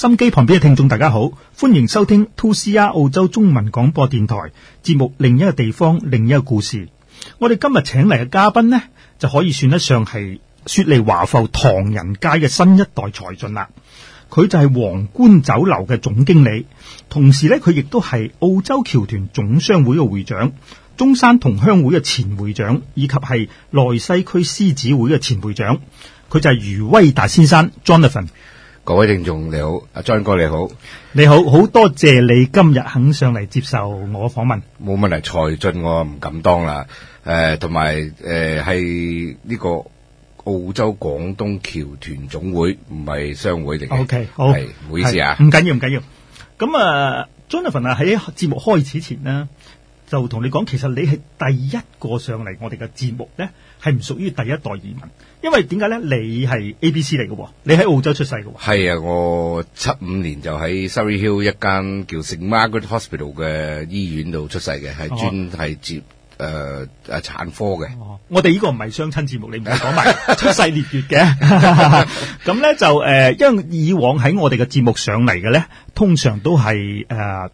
心機旁邊嘅聽眾大家好，歡迎收聽 2CR 澳洲中文廣播電台節目，另一個地方，另一個故事。我哋今日請嚟嘅嘉賓呢，就可以算得上係雪梨華埠唐人街嘅新一代才俊啦。佢就係皇冠酒樓嘅總經理，同時呢，佢亦都係澳洲僑團總商會嘅會長，中山同鄉會嘅前會長，以及係內西區獅子會嘅前會長。佢就係余威達先生 （Jonathan）。各位聽眾你好，阿 John 哥你好，你好好多謝你今日肯上嚟接受我訪問，冇問題。蔡進我唔敢當啦，誒、呃，同埋誒係呢個澳洲廣東僑團總會，唔係商會嚟嘅。OK，好，係唔好意思啊，唔緊要，唔緊要。咁啊，uh，Jonathan 啊，喺節目開始前呢，就同你講，其實你係第一個上嚟我哋嘅節目咧。係唔屬於第一代移民？因為點解咧？你係 A B C 嚟嘅，你喺澳洲出世嘅。係啊，我七五年就喺 Surry Hills 一間叫 St Margaret Hospital 嘅醫院度出世嘅，係專係接誒誒、哦呃、產科嘅、哦。我哋呢個唔係相親節目，你唔好講埋出世列月嘅。咁 咧 就誒、呃，因為以往喺我哋嘅節目上嚟嘅咧，通常都係誒、呃、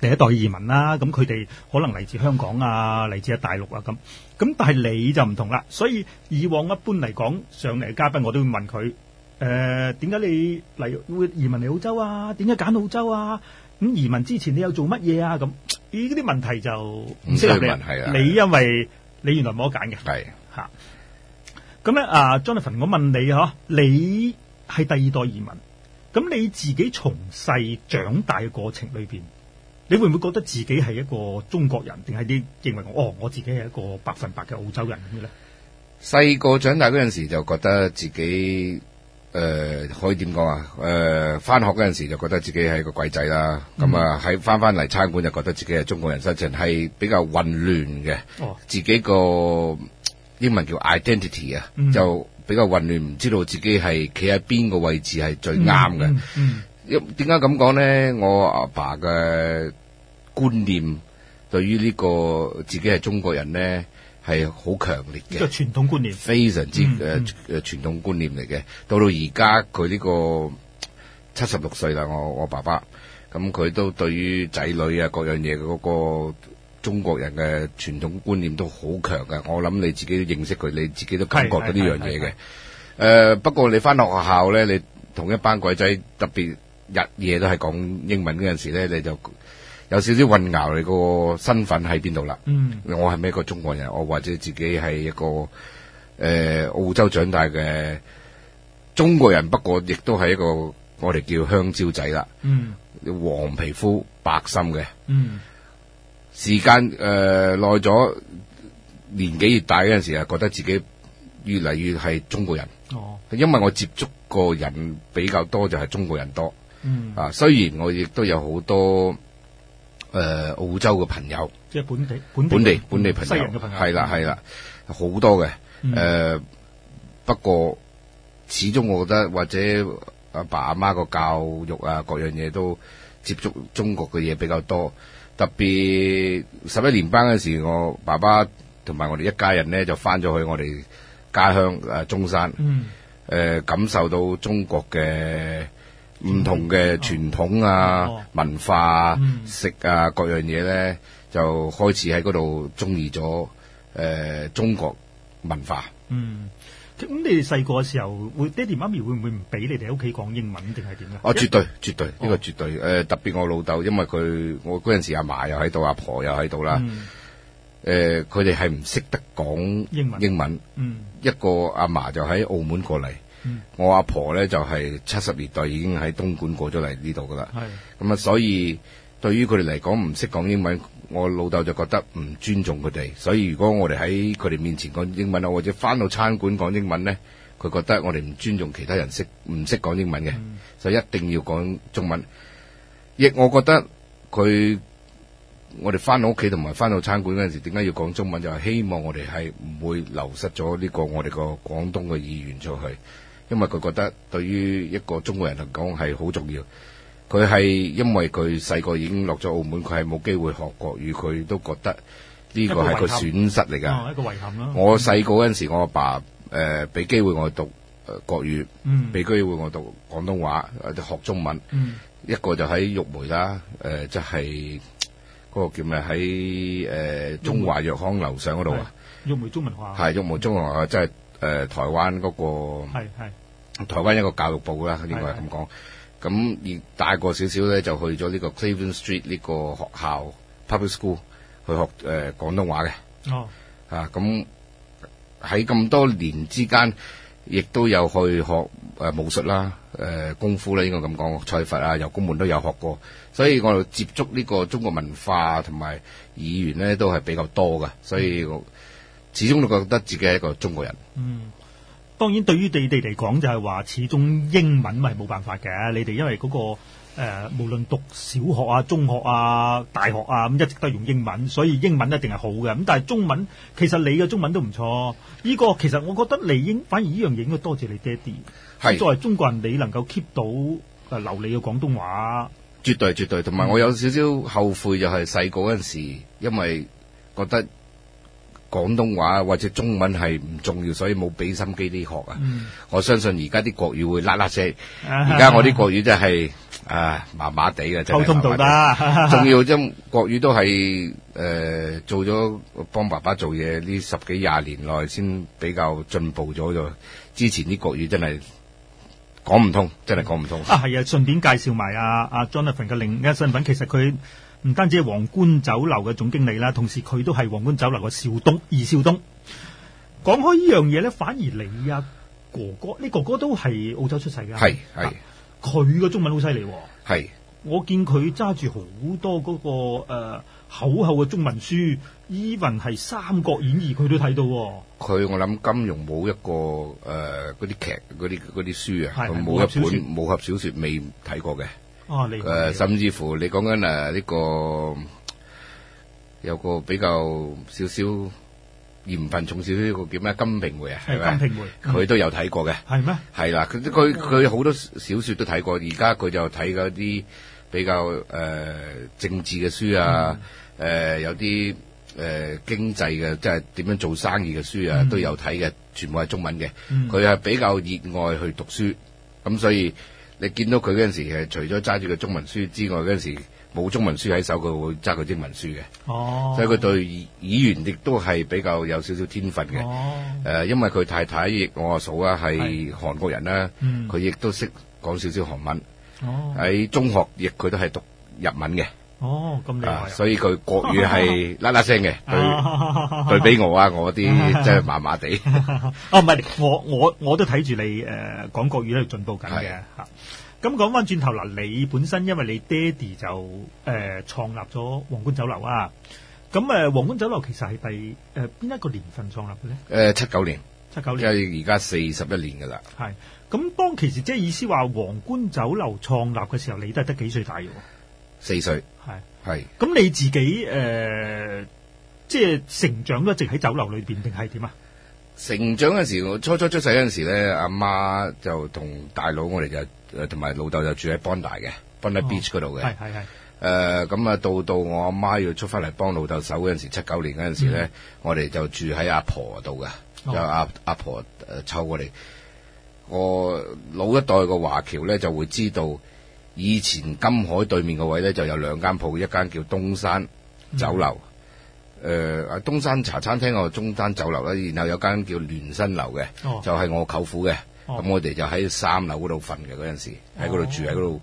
第一代移民啦、啊。咁佢哋可能嚟自香港啊，嚟自喺大陸啊咁。咁但係你就唔同啦，所以以往一般嚟講上嚟嘅嘉賓，我都會問佢，誒、呃，點解你嚟會移民嚟澳洲啊？點解揀澳洲啊？咁、嗯、移民之前你有做乜嘢啊？咁，咦啲問題就唔適合你，適合你問題。你因為你原來冇得揀嘅，係吓。咁、啊、咧，Jonathan 我問你嗬，你係第二代移民，咁你自己從細長大嘅過程裏邊。你會唔會覺得自己係一個中國人，定係你認為我哦，我自己係一個百分百嘅澳洲人咁嘅咧？細個長大嗰陣時就覺得自己誒、呃，可以點講啊？誒、呃，翻學嗰陣時就覺得自己係一個鬼仔啦。咁、嗯、啊，喺翻翻嚟餐館就覺得自己係中國人。心情係比較混亂嘅，哦，自己個英文叫 identity 啊、嗯，就比較混亂，唔知道自己係企喺邊個位置係最啱嘅。一、嗯，點解咁講呢？我阿爸嘅觀念對於呢個自己係中國人呢，係好強烈嘅。呢個傳統觀念非常之誒誒，傳統觀念嚟嘅。到到而家佢呢個七十六歲啦，我我爸爸咁佢都對於仔女啊各樣嘢嗰個中國人嘅傳統觀念都好強嘅。我諗你自己都認識佢，你自己都感覺到呢樣嘢嘅。誒、呃，不過你翻學校呢，你同一班鬼仔特別日夜都係講英文嗰陣時呢，你就。有少少混淆你個身份喺邊度啦？嗯，我係咪一個中國人？我或者自己係一個誒、呃、澳洲長大嘅中國人，不過亦都係一個我哋叫香蕉仔啦。嗯，黃皮膚白心嘅。嗯，時間誒耐咗，年紀越大嗰陣時啊，覺得自己越嚟越係中國人。哦，因為我接觸嘅人比較多，就係中國人多、嗯。啊，雖然我亦都有好多。誒、呃、澳洲嘅朋友，即係本地本地本地本地朋友，係啦係啦，好多嘅誒、嗯呃。不過，始終我覺得或者阿爸阿媽個教育啊，各樣嘢都接觸中國嘅嘢比較多。特別十一年班嘅時候，我爸爸同埋我哋一家人咧就翻咗去我哋家鄉中山、嗯呃。感受到中國嘅唔同嘅傳統啊、哦、文化啊、哦、食啊、嗯、各樣嘢咧，就開始喺嗰度中意咗中國文化。嗯，咁你哋細個嘅時候會，會爹哋媽咪會唔會唔俾你哋喺屋企講英文定係點樣？啊、哦，絕對絕對，呢、哦、個絕對、呃、特別我老豆，因為佢我嗰陣時阿嫲又喺度，阿婆又喺度啦。誒，佢哋係唔識得講英文，英文，嗯、一個阿嫲就喺澳門過嚟。我阿婆呢就係、是、七十年代已經喺東莞過咗嚟呢度噶啦，咁啊、嗯、所以對於佢哋嚟講唔識講英文，我老豆就覺得唔尊重佢哋，所以如果我哋喺佢哋面前講英文，或者翻到餐館講英文呢，佢覺得我哋唔尊重其他人識唔識講英文嘅，就、嗯、一定要講中文。亦我覺得佢我哋翻到屋企同埋翻到餐館嗰陣時，點解要講中文就係、是、希望我哋係唔會流失咗呢、這個我哋個廣東嘅意願出去。因為佢覺得對於一個中國人嚟講係好重要，佢係因為佢細個已經落咗澳門，佢係冇機會學國語，佢都覺得呢個係個損失嚟㗎。哦、一個遺憾。我細個嗰陣時，我阿爸誒俾、呃、機會我讀、呃、國語，俾、嗯、機會我讀廣東話或學中文。嗯、一個就喺玉梅啦，誒即係嗰個叫咩喺誒中華藥康樓上嗰度啊。玉梅中文學校，係玉梅中文學校，即係、嗯、就是呃、台灣嗰、那個台灣一個教育部啦，呢、這個係咁講。咁而大過少少咧，就去咗呢個 Cleveland Street 呢個學校 Public School 去學誒、呃、廣東話嘅。哦，啊咁喺咁多年之間，亦都有去學、呃、武術啦、呃、功夫啦。應該咁講，蔡佛啊、柔功門都有學過。所以我接觸呢個中國文化同埋語言咧，都係比較多嘅。所以我始終都覺得自己係一個中國人。嗯。當然，對於你哋嚟講，就係話始終英文咪冇辦法嘅。你哋因為嗰、那個誒、呃，無論讀小學啊、中學啊、大學啊，咁一直都用英文，所以英文一定係好嘅。咁但係中文，其實你嘅中文都唔錯。呢、這個其實我覺得你應反而呢樣嘢應該多謝你爹哋。係作為中國人，你能夠 keep 到流利嘅廣東話，絕對絕對。同埋我有少少後悔，就係細個嗰陣時，因為覺得。廣東話或者中文係唔重要，所以冇俾心機啲學啊、嗯！我相信而家啲國語會喇喇聲。而家我啲國語真係啊麻麻地嘅，真係麻麻地。重要啫，國語都係誒、呃、做咗幫爸爸做嘢呢十幾廿年內先比較進步咗。咗之前啲國語真係。講唔通，真係講唔通啊！係啊，順便介紹埋啊阿 Jonathan 嘅另一身份，其實佢唔單止係皇冠酒樓嘅總經理啦，同時佢都係皇冠酒樓嘅少東，二少東。講開呢樣嘢咧，反而你啊，哥哥，你哥哥都係澳洲出世㗎。係係，佢嘅、啊、中文好犀利，係我見佢揸住好多嗰、嗰個誒。呃厚厚嘅中文書，even 係《三國演義》哦，佢都睇到。佢我諗金庸冇一個嗰啲、呃、劇、嗰啲嗰啲書啊，冇一本武俠小說未睇過嘅。哦、啊，你甚至乎你講緊誒呢個有個比較少少鹽分重少少個叫咩《金瓶梅，啊、梅》啊？係《金瓶梅》，佢都有睇過嘅。係、嗯、咩？係啦，佢佢佢好多小說都睇過，而家佢就睇嗰啲比較、呃、政治嘅書啊。嗯誒、呃、有啲誒、呃、經濟嘅，即係點樣做生意嘅書啊，嗯、都有睇嘅，全部係中文嘅。佢、嗯、係比較熱愛去讀書，咁所以你見到佢嗰陣時，係除咗揸住個中文書之外時，嗰陣時冇中文書喺手，佢會揸佢英文書嘅。哦，所以佢對語言亦都係比較有少少天分嘅。哦、呃，因為佢太太亦我阿嫂啊，係韓國人啦、啊，嗯，佢亦都識講少少韓文。喺、哦、中學亦佢都係讀日文嘅。哦，咁厲害，所以佢國語係嗱嗱聲嘅，對 oh, oh, oh, oh, oh, oh. 對比我啊，我啲即係麻麻地。哦，唔係，我我我都睇住你誒，講、uh, 國語喺度進步緊嘅吓。咁講翻轉頭嗱，你本身因為你爹哋就誒創、uh, 立咗皇冠酒樓啊，咁誒、uh, 皇冠酒樓其實係第誒邊、uh, 一個年份創立嘅咧？誒，七九年，七九年，即係而家四十一年噶啦。係，咁當其實即係意思話皇冠酒樓創立嘅時候，你都係得幾歲大嘅？四歲係係。咁你自己誒，即、呃、係、就是、成長都一直喺酒樓裏邊定係點啊？成長嘅時候，我初初出世嗰陣時咧，阿媽就同大佬我哋就誒，同埋老豆就住喺邦大嘅，邦、哦、大 beach 嗰度嘅。係係係誒，咁啊、呃，到到我阿媽要出翻嚟幫老豆手嗰陣時，七九年嗰陣時咧、嗯，我哋就住喺阿婆度嘅、哦，就阿阿婆湊過嚟。我老一代嘅華僑咧，就會知道。以前金海對面個位咧就有兩間鋪，一間叫東山酒樓，誒、嗯，阿、呃、東山茶餐廳個中山酒樓咧，然後有間叫聯新樓嘅、哦，就係、是、我舅父嘅，咁、哦、我哋就喺三樓嗰度瞓嘅嗰陣時，喺嗰度住喺嗰度，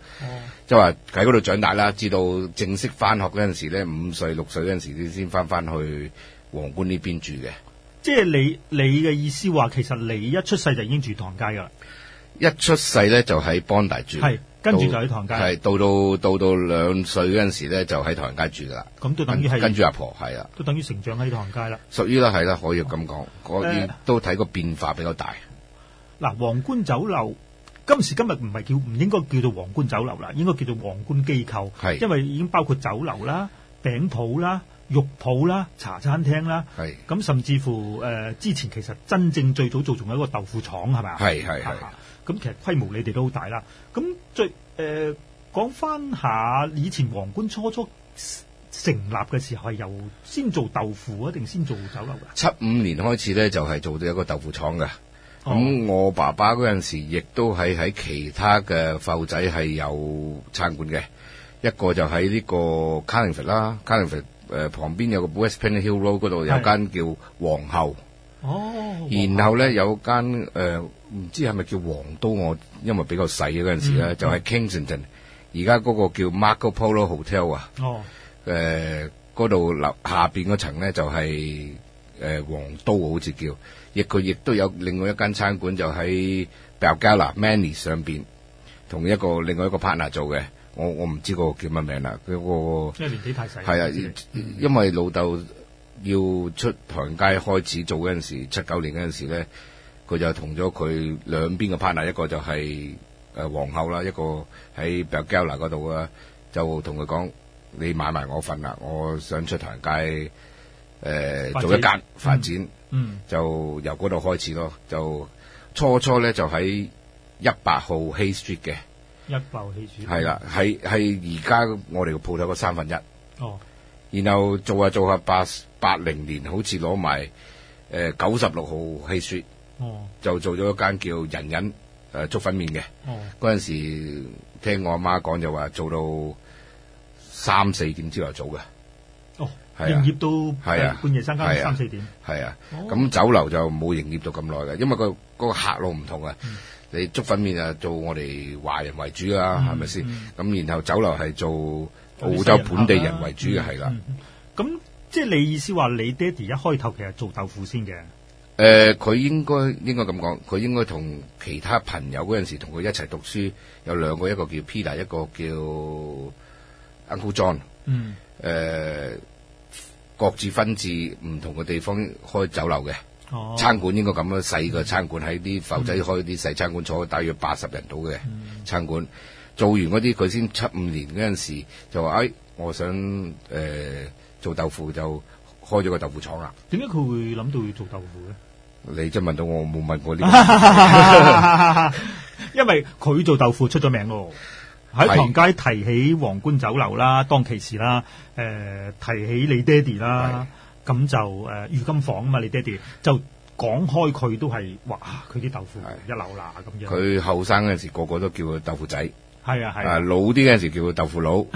即係話喺嗰度長大啦。至到正式翻學嗰陣時咧，五歲六歲嗰陣時先先翻翻去皇冠呢邊住嘅。即係你你嘅意思話，其實你一出世就已經住唐街噶啦，一出世咧就喺邦大住。跟住就喺唐街，係到到到到兩歲嗰陣時咧，就喺唐人街住噶啦。咁都等於係跟住阿婆，係啦，都等於成長喺唐人街啦。屬於啦，係啦，可以咁講，嗰、嗯、啲、嗯、都睇個變化比較大。嗱、啊，皇冠酒樓今時今日唔係叫唔應該叫做皇冠酒樓啦，應該叫做皇冠機構，因為已經包括酒樓啦、餅鋪啦、肉鋪啦、茶餐廳啦，係咁甚至乎誒、呃，之前其實真正最早做仲有一個豆腐廠係咪？係係係。咁其實規模你哋都好大啦。咁最誒講翻下以前皇冠初初成立嘅時候係由先做豆腐啊，定先做酒樓噶？七五年開始咧就係、是、做到一個豆腐廠嘅。咁、哦嗯、我爸爸嗰陣時亦都係喺其他嘅埠仔係有餐館嘅，一個就喺呢個 Carlingford 啦 Carlingford 旁邊有個 West Penhill Road 嗰度有間叫皇后。哦。然後咧有間誒。呃唔知係咪叫黃都？我因為比較細嗰陣時咧、嗯，就喺、是、Kingston，而家嗰個叫 Marco Polo Hotel 啊。哦。嗰、呃、度樓下邊嗰層咧就係、是、黃、呃、都好似叫，亦佢亦都有另外一間餐館，就喺 Belgala Manly 上邊，同一個另外一個 partner 做嘅。我我唔知嗰個叫乜名啦。嗰、嗰個、即係啊即係。因為年紀太細。係啊，因為老豆要出唐街開始做嗰陣時，七九年嗰陣時咧。佢就同咗佢兩邊嘅 partner，一個就係皇后啦，一個喺 Bulgaria 嗰度啦，就同佢講：你買埋我份啦，我想出唐人街、呃、做一間發展，嗯嗯、就由嗰度開始咯。就初初咧就喺一百號 Hay Street 嘅，一百號 Hay Street 係啦，喺喺而家我哋嘅鋪頭個三分一。哦，然後做下做下，八八零年好似攞埋誒九十六號 Hay Street。Oh. 就做咗一間叫人人誒粥粉麵嘅，嗰、oh. 陣時聽我阿媽講就話做到三四點之後做嘅，哦、oh, 啊，營業都係半夜三更三四點，係啊，咁、啊啊 oh. 酒樓就冇營業到咁耐嘅，因為、那個嗰、那個客路唔同啊，mm. 你粥粉麵啊做我哋華人為主啊係咪先？咁、mm. mm. 然後酒樓係做澳洲本地人為主嘅係啦，咁、啊嗯嗯嗯、即係你意思話你爹哋一開頭其實做豆腐先嘅。誒、呃，佢應該應該咁講，佢應該同其他朋友嗰陣時同佢一齊讀書，有兩個，一個叫 Peter，一個叫 Uncle John、嗯。誒、呃，各自分至唔同嘅地方開酒樓嘅、哦。餐館呢個咁嘅細嘅餐館在，喺啲埠仔開啲細餐館，坐大約八十人度嘅、嗯、餐館。做完嗰啲，佢先七五年嗰陣時就話：，誒、哎，我想誒、呃、做豆腐，就開咗個豆腐廠啦。點解佢會諗到要做豆腐咧？你真問到我冇問過呢啲，因為佢做豆腐出咗名喎。喺唐街提起皇冠酒樓啦，當其時啦，誒、呃、提起你爹哋啦，咁就誒、呃、御金房啊嘛，你爹哋就講開佢都係哇，佢啲豆腐一流啦咁樣。佢後生嗰陣時，個個都叫佢豆腐仔。係啊係。啊老啲嗰陣時叫佢豆腐佬，咁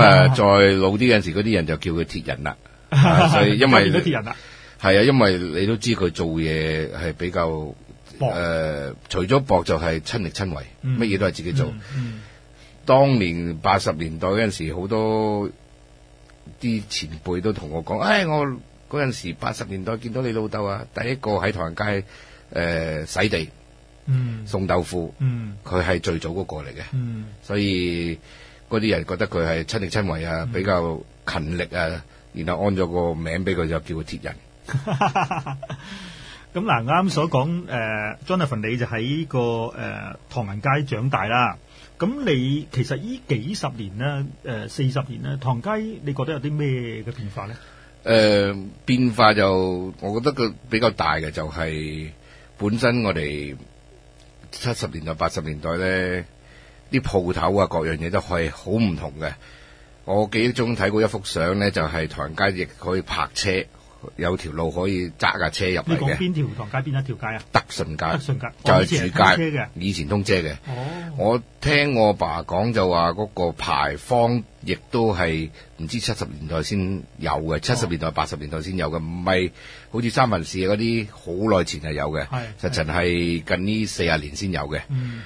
啊再老啲嗰陣時，嗰啲人就叫佢鐵人啦、啊。所以因為。 係啊，因為你都知佢做嘢係比較，誒、呃，除咗博就係親力親為，乜、嗯、嘢都係自己做。嗯嗯、當年八十年代嗰陣時，好多啲前輩都同我講：誒、哎，我嗰陣時八十年代見到你老豆啊，第一個喺唐人街誒、呃、洗地、嗯、送豆腐，佢、嗯、係最早嗰個嚟嘅、嗯。所以嗰啲人覺得佢係親力親為啊、嗯，比較勤力啊，然後安咗個名俾佢，就叫佢鐵人。咁 嗱，啱啱所講誒，Jonathan，你就喺個誒、呃、唐人街長大啦。咁你其實呢幾十年呢？誒四十年呢？唐街你覺得有啲咩嘅變化呢？誒、呃，變化就我覺得佢比較大嘅就係、是、本身我哋七十年代八十年代咧，啲鋪頭啊各樣嘢都係好唔同嘅。我記憶中睇過一幅相呢，就係、是、唐人街亦可以泊車。有條路可以揸架車入嚟嘅。你講邊條唐街？邊一條街啊？德順街。德順街就係主街。以前通車嘅。以前通車嘅。哦。我聽我爸講就話嗰個牌坊，亦都係唔知七十年代先有嘅，七、oh. 十年代八十年代先有嘅，唔係好似三藩市嗰啲好耐前係有嘅。係、oh.。實情係近呢四十年先有嘅。嗯。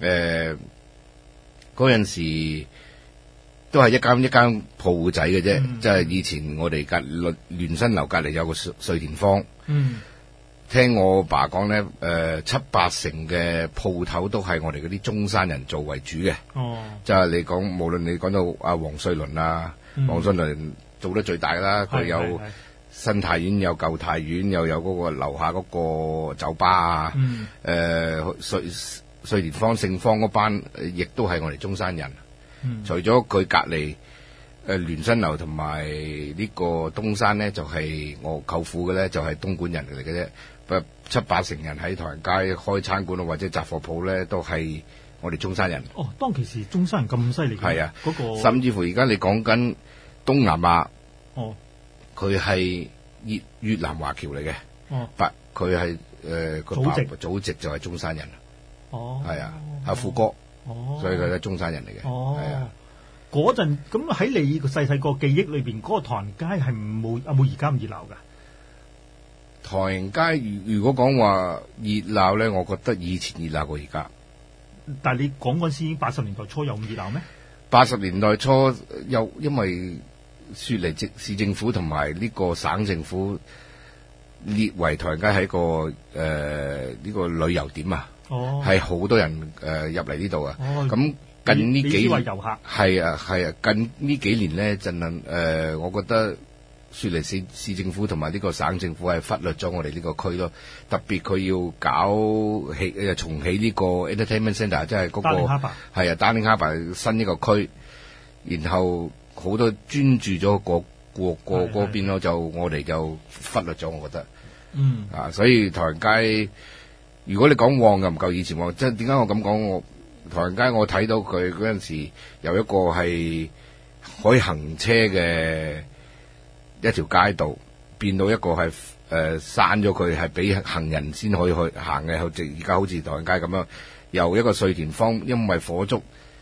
誒、呃，嗰陣時。都係一間一間鋪仔嘅啫，即、嗯、係、就是、以前我哋隔鄰聯新樓隔籬有個瑞田坊，嗯，聽我爸講咧，誒、呃、七八成嘅鋪頭都係我哋嗰啲中山人做為主嘅、哦。就係、是、你講，無論你講到阿黃瑞麟啊，黃瑞麟、啊嗯、做得最大啦，佢有新太院、有舊太院，又有嗰個樓下嗰個酒吧啊。誒、嗯呃，瑞瑞田坊、勝坊嗰班、呃，亦都係我哋中山人。嗯、除咗佢隔籬，誒、呃、聯新樓同埋呢個東山咧，就係、是、我舅父嘅咧，就係、是、東莞人嚟嘅啫。不七八成人喺唐人街開餐館咯，或者雜貨鋪咧，都係我哋中山人。哦，當其時中山人咁犀利。係啊，嗰、那個、甚至乎而家你講緊東南亞。哦，佢係越越南華僑嚟嘅。哦，不佢係但誒佢祖籍祖籍，祖籍就係中山人。哦，係啊，阿、哦啊、富哥。所以佢係中山人嚟嘅，係、哦、啊嗰陣咁喺你細細個記憶裏邊，嗰、那個唐人街係冇啊冇而家咁熱鬧噶。唐人街如如果講話熱鬧咧，我覺得以前熱鬧過而家。但係你講嗰陣時，已經八十年代初有咁熱鬧咩？八十年代初有，因為雪梨政市政府同埋呢個省政府列為唐人街係個誒呢、呃這個旅遊點啊。哦，係好多人誒入嚟呢度啊！咁、哦、近呢幾係啊係啊，近呢幾年咧，儘量誒，我覺得雪梨市市政府同埋呢個省政府係忽略咗我哋呢個區咯。特別佢要搞起重起呢個 Entertainment Centre，即係嗰、那個係啊，Darling Harbour 新一個區，然後好多專注咗過過個嗰邊咯，就我哋就忽略咗，我覺得嗯啊，所以唐人街。如果你講旺又唔夠以前旺，即係點解我咁講？我唐人街我睇到佢嗰陣時有一個係可以行車嘅一條街道變到一個係誒閂咗佢，係、呃、俾行人先可以去行嘅。後而家好似唐人街咁樣，由一個瑞田坊，因為火燭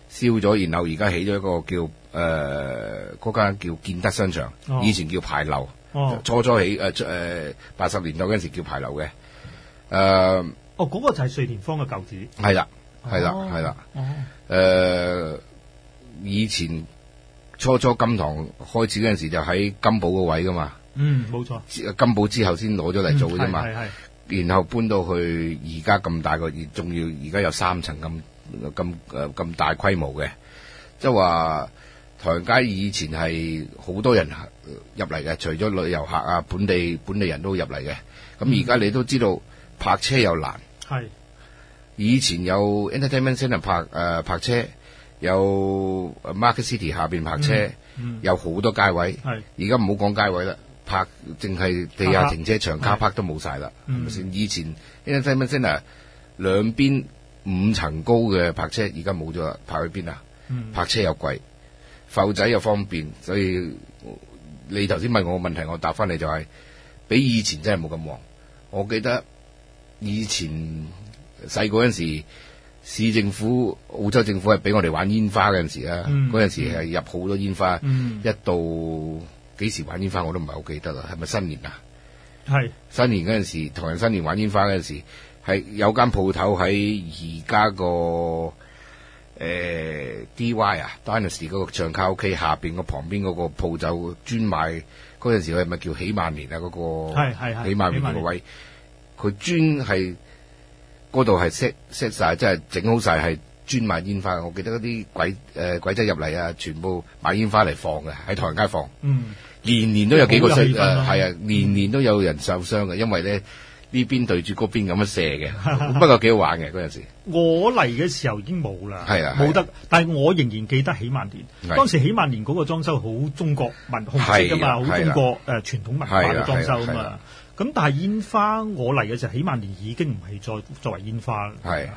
燒咗，然後而家起咗一個叫誒嗰間叫建德商場，oh. 以前叫牌樓，oh. 初初起誒誒八十年代嗰陣時叫牌樓嘅，誒、呃。哦，嗰、那個就係瑞田坊嘅舊址。係啦，係啦，係、哦、啦。誒、呃，以前初初金堂開始嗰陣時，就喺金寶個位噶嘛。嗯，冇錯。金寶之後先攞咗嚟做嘅啫嘛、嗯的的。然後搬到去而家咁大個，仲要而家有三層咁咁誒咁大規模嘅。即係話，台街以前係好多人、呃、入嚟嘅，除咗旅遊客啊，本地本地人都入嚟嘅。咁而家你都知道。嗯泊車又難，係以前有 Entertainment Centre 泊、誒、呃、泊車有 Market City 下邊泊車、嗯嗯、有好多街位，而家唔好講街位啦，泊淨係地下停車場、啊、car park 都冇晒啦，係咪先？以前 Entertainment Centre 兩邊五層高嘅泊車，而家冇咗啦，泊去邊啊？泊車又貴，埠仔又方便，所以你頭先問我個問題，我答翻你就係、是、比以前真係冇咁旺。我記得。以前細個嗰陣時，市政府、澳洲政府係俾我哋玩煙花嗰陣時啦。嗰、嗯、陣時係入好多煙花，嗯，一到幾時玩煙花我都唔係好記得啦。係咪新年啊？係新年嗰陣時，唐人新年玩煙花嗰陣時，係有間鋪頭喺而家個誒 D Y 啊 Dennis 嗰個唱卡拉 O K 下邊個旁邊嗰個鋪就專賣嗰陣時係咪叫喜萬年啊？嗰、那個係係喜萬年嗰位。佢專係嗰度係 set set 晒，即係整好晒，係專賣煙花。我記得嗰啲鬼誒、呃、鬼仔入嚟啊，全部買煙花嚟放嘅，喺唐人街放。嗯，年年都有幾個係啊，年、啊、年、啊、都有人受傷嘅，因為咧呢邊對住嗰邊咁樣射嘅。不過幾好玩嘅嗰陣時。 我嚟嘅時候已經冇啦，係冇、啊啊、得。啊、但係我仍然記得喜萬年。啊、當時喜萬年嗰個裝修好中國文，係啊，好、啊、中國誒傳、啊呃、統文化嘅裝修啊嘛。咁但係煙花，我嚟嘅時候，起碼年已經唔係再作為煙花。係，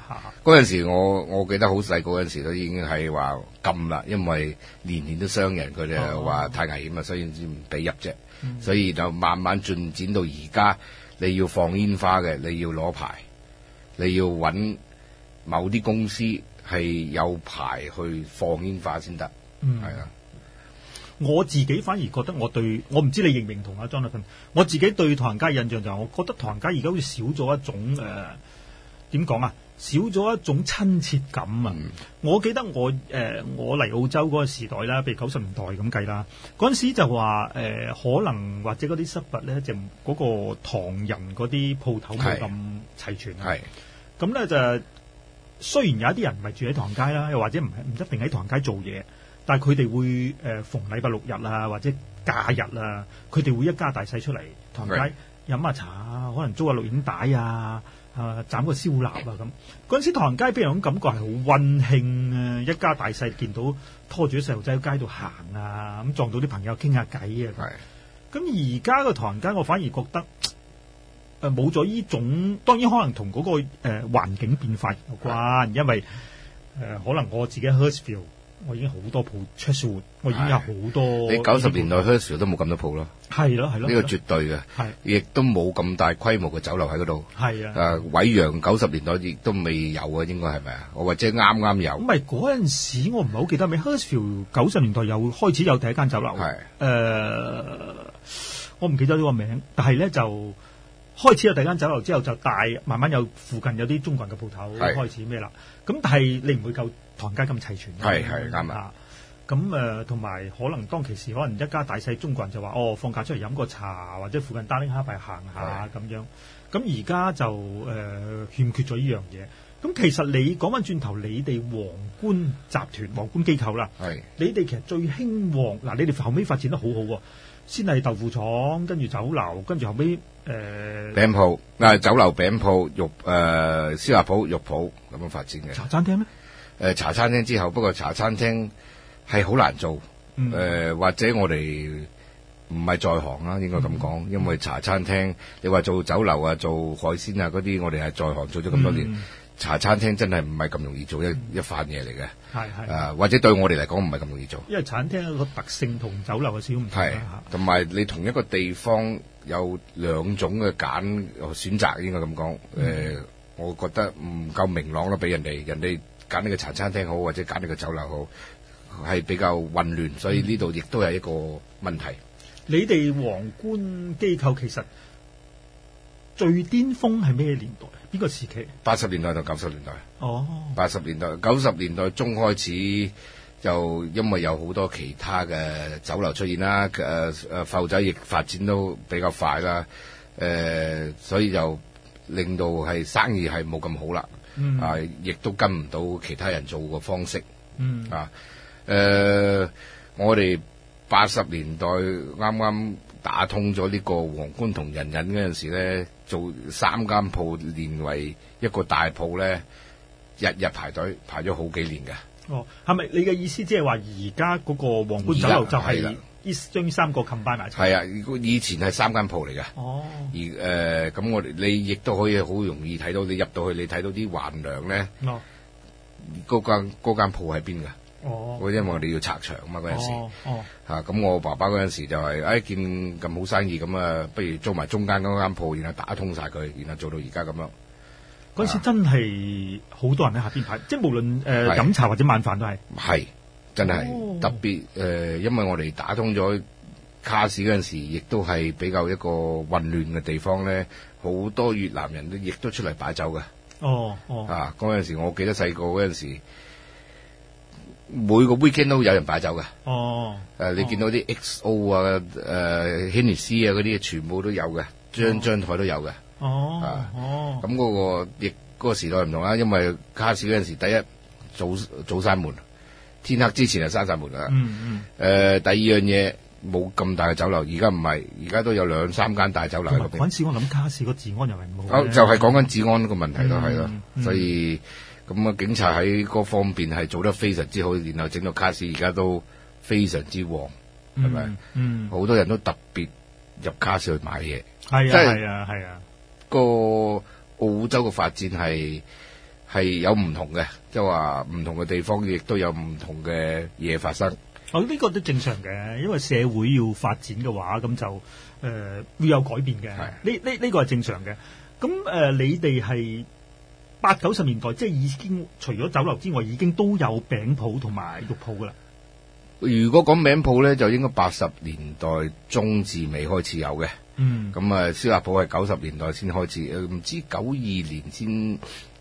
嗰陣時我我記得好細個嗰陣時都已經係話禁啦，因為年年都傷人，佢哋話太危險啦，所以唔俾入啫。所以就、嗯、慢慢進展到而家，你要放煙花嘅，你要攞牌，你要揾某啲公司係有牌去放煙花先得，啊、嗯。我自己反而覺得我對，我唔知你認唔認同啊張立坤。Jonathan, 我自己對唐人街印象就係，我覺得唐人街而家好似少咗一種誒點講啊，少咗一種親切感啊、嗯。我記得我誒、呃、我嚟澳洲嗰個時代啦，譬如九十年代咁計啦，嗰陣時就話誒、呃、可能或者嗰啲濕物咧，就嗰、是、個唐人嗰啲鋪頭冇咁齊全啊。咁、嗯、咧就雖然有一啲人唔係住喺唐人街啦，又或者唔唔一定喺唐人街做嘢。但係佢哋會誒逢禮拜六日啊，或者假日啊，佢哋會一家大細出嚟唐街飲下茶啊，可能租下錄影帶啊，誒、啊、斬個燒臘啊咁。嗰陣時唐街俾人種感覺係好溫馨啊，一家大細見到拖住啲細路仔喺街度行啊，咁撞到啲朋友傾下偈啊。咁而家個唐街我反而覺得誒冇咗依種，當然可能同嗰、嗰個、呃、環境變化有關，right. 因為、呃、可能我自己 Hurstville 我已經好多鋪 Hurstville 我已經有好多。你九十年代 Hurstville 都冇咁多鋪咯，係咯係咯，呢、這個絕對嘅，係亦都冇咁大規模嘅酒樓喺嗰度。係啊，誒，偉揚九十年代亦都未有啊，應該係咪啊？我或者啱啱有？唔係嗰陣時，我唔係好記得咩。Hurstville 九十年代又開始有第一間酒樓，係誒、呃，我唔記得呢個名字。但係咧就開始有第一間酒樓之後，就大慢慢有附近有啲中國人嘅鋪頭開始咩啦。咁但係你唔會夠。唐街咁齊全，係係啱啦。咁誒，同埋可能當其時，可能一家大細中國人就話：哦，放假出嚟飲個茶，或者附近單拎哈牌行下咁樣。咁而家就誒欠缺咗呢樣嘢。咁、呃、其實你講翻轉頭，你哋皇冠集團、皇冠機構啦，係你哋其實最興旺嗱。你哋後尾發展得好好先係豆腐廠，跟住酒樓，跟住後尾誒、呃、餅鋪嗱，酒樓餅鋪、肉誒燒臘鋪、肉鋪咁樣發展嘅茶餐廳咩。誒茶餐廳之後，不過茶餐廳係好難做誒、嗯呃，或者我哋唔係在行啦、啊，應該咁講、嗯。因為茶餐廳你話做酒樓啊、做海鮮啊嗰啲，我哋係在行做咗咁多年、嗯。茶餐廳真係唔係咁容易做一、嗯、一飯嘢嚟嘅，係係啊，或者對我哋嚟講唔係咁容易做，因為茶餐廳個特性同酒樓嘅小唔同同、啊、埋你同一個地方有兩種嘅揀選擇，應該咁講誒，我覺得唔夠明朗咯，俾人哋人哋。揀呢個茶餐廳好，或者揀呢個酒樓好，係比較混亂，所以呢度亦都係一個問題。嗯，你哋皇冠機構其實最巔峰係咩年代？邊個時期？八十年代到九十年代。哦，八十年代、九十年代中開始，就因為有好多其他嘅酒樓出現啦，誒、呃、誒，埠仔亦發展都比較快啦，誒、呃，所以就令到係生意係冇咁好啦。嗯、啊！亦都跟唔到其他人做個方式。嗯啊，誒、呃，我哋八十年代啱啱打通咗呢個皇冠同人人嗰陣時咧，做三間鋪連為一個大鋪咧，日日排隊排咗好幾年嘅。哦，係咪你嘅意思即係話而家嗰個皇冠酒樓就係？East，將三個冚 o m b i 埋，係啊！以前係三間鋪嚟嘅。而咁、呃、我你亦都可以好容易睇到，你入到去你睇到啲橫梁咧，嗰、哦、間鋪喺邊嘅，我、哦、因為我哋要拆牆嘛、哦哦、啊嘛嗰陣時，咁我爸爸嗰陣時就係、是、誒、哎、見咁好生意咁啊，不如租埋中間嗰間鋪，然後打通晒佢，然後做到而家咁樣。嗰陣時真係好多人喺下邊排，啊、即係無論誒、呃、飲茶或者晚飯都係。真係特別誒、oh. 呃、因為我哋打通咗卡士嗰陣時，亦都係比較一個混亂嘅地方咧。好多越南人都亦都出嚟擺酒嘅。哦、oh. 哦、oh. 啊，啊嗰陣時，我記得細個嗰陣時，每個 weekend 都有人擺酒嘅。哦、oh. oh. 呃，誒，你見到啲 XO 啊、誒、呃、軒尼詩啊嗰啲，全部都有嘅，張張、oh. 台都有嘅。哦、oh. 哦、oh. 啊，咁、嗰個亦、嗰個時代唔同啦，因為卡士嗰陣時，第一早早閂門。天黑之前就閂晒門啦。嗯嗯。誒、呃，第二樣嘢冇咁大嘅酒樓，而家唔係，而家都有兩三間大酒樓喺度。嗰時我諗卡士個治安又係冇。就係、就是、講緊治安個問題咯，係、嗯、咯、嗯。所以咁啊、嗯嗯，警察喺嗰方面係做得非常之好，然後整到卡士而家現在都非常之旺，係咪？嗯。好、嗯、多人都特別入卡士去買嘢。係啊係啊係啊！就是啊啊那個澳洲嘅發展係。係有唔同嘅，即係話唔同嘅地方，亦都有唔同嘅嘢發生。哦、呢、這個都正常嘅，因為社會要發展嘅話，咁就誒會、呃、有改變嘅。呢呢呢個係正常嘅。咁誒、呃，你哋係八九十年代，即係已經除咗酒樓之外，已經都有餅鋪同埋肉鋪噶啦如果講餅鋪咧，就應該八十年代中至尾開始有嘅。嗯，咁啊，燒臘鋪係九十年代先開始，唔知九二年先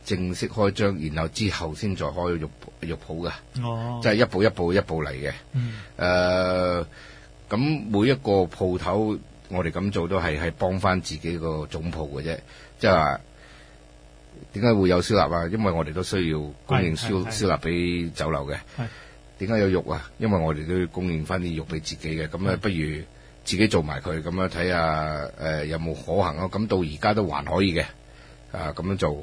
正式開張，然後之後先再開肉肉鋪嘅，即係、oh. 一步一步一步嚟嘅。誒、mm. 呃，咁每一個鋪頭，我哋咁做都係係幫翻自己個總鋪嘅啫。即係話點解會有燒臘啊？因為我哋都需要供應燒燒臘俾酒樓嘅。點解有肉啊？因為我哋都要供應翻啲肉俾自己嘅。咁咧，不如自己做埋佢咁樣睇下誒有冇可行啊。咁到而家都還可以嘅啊，咁、呃、樣做。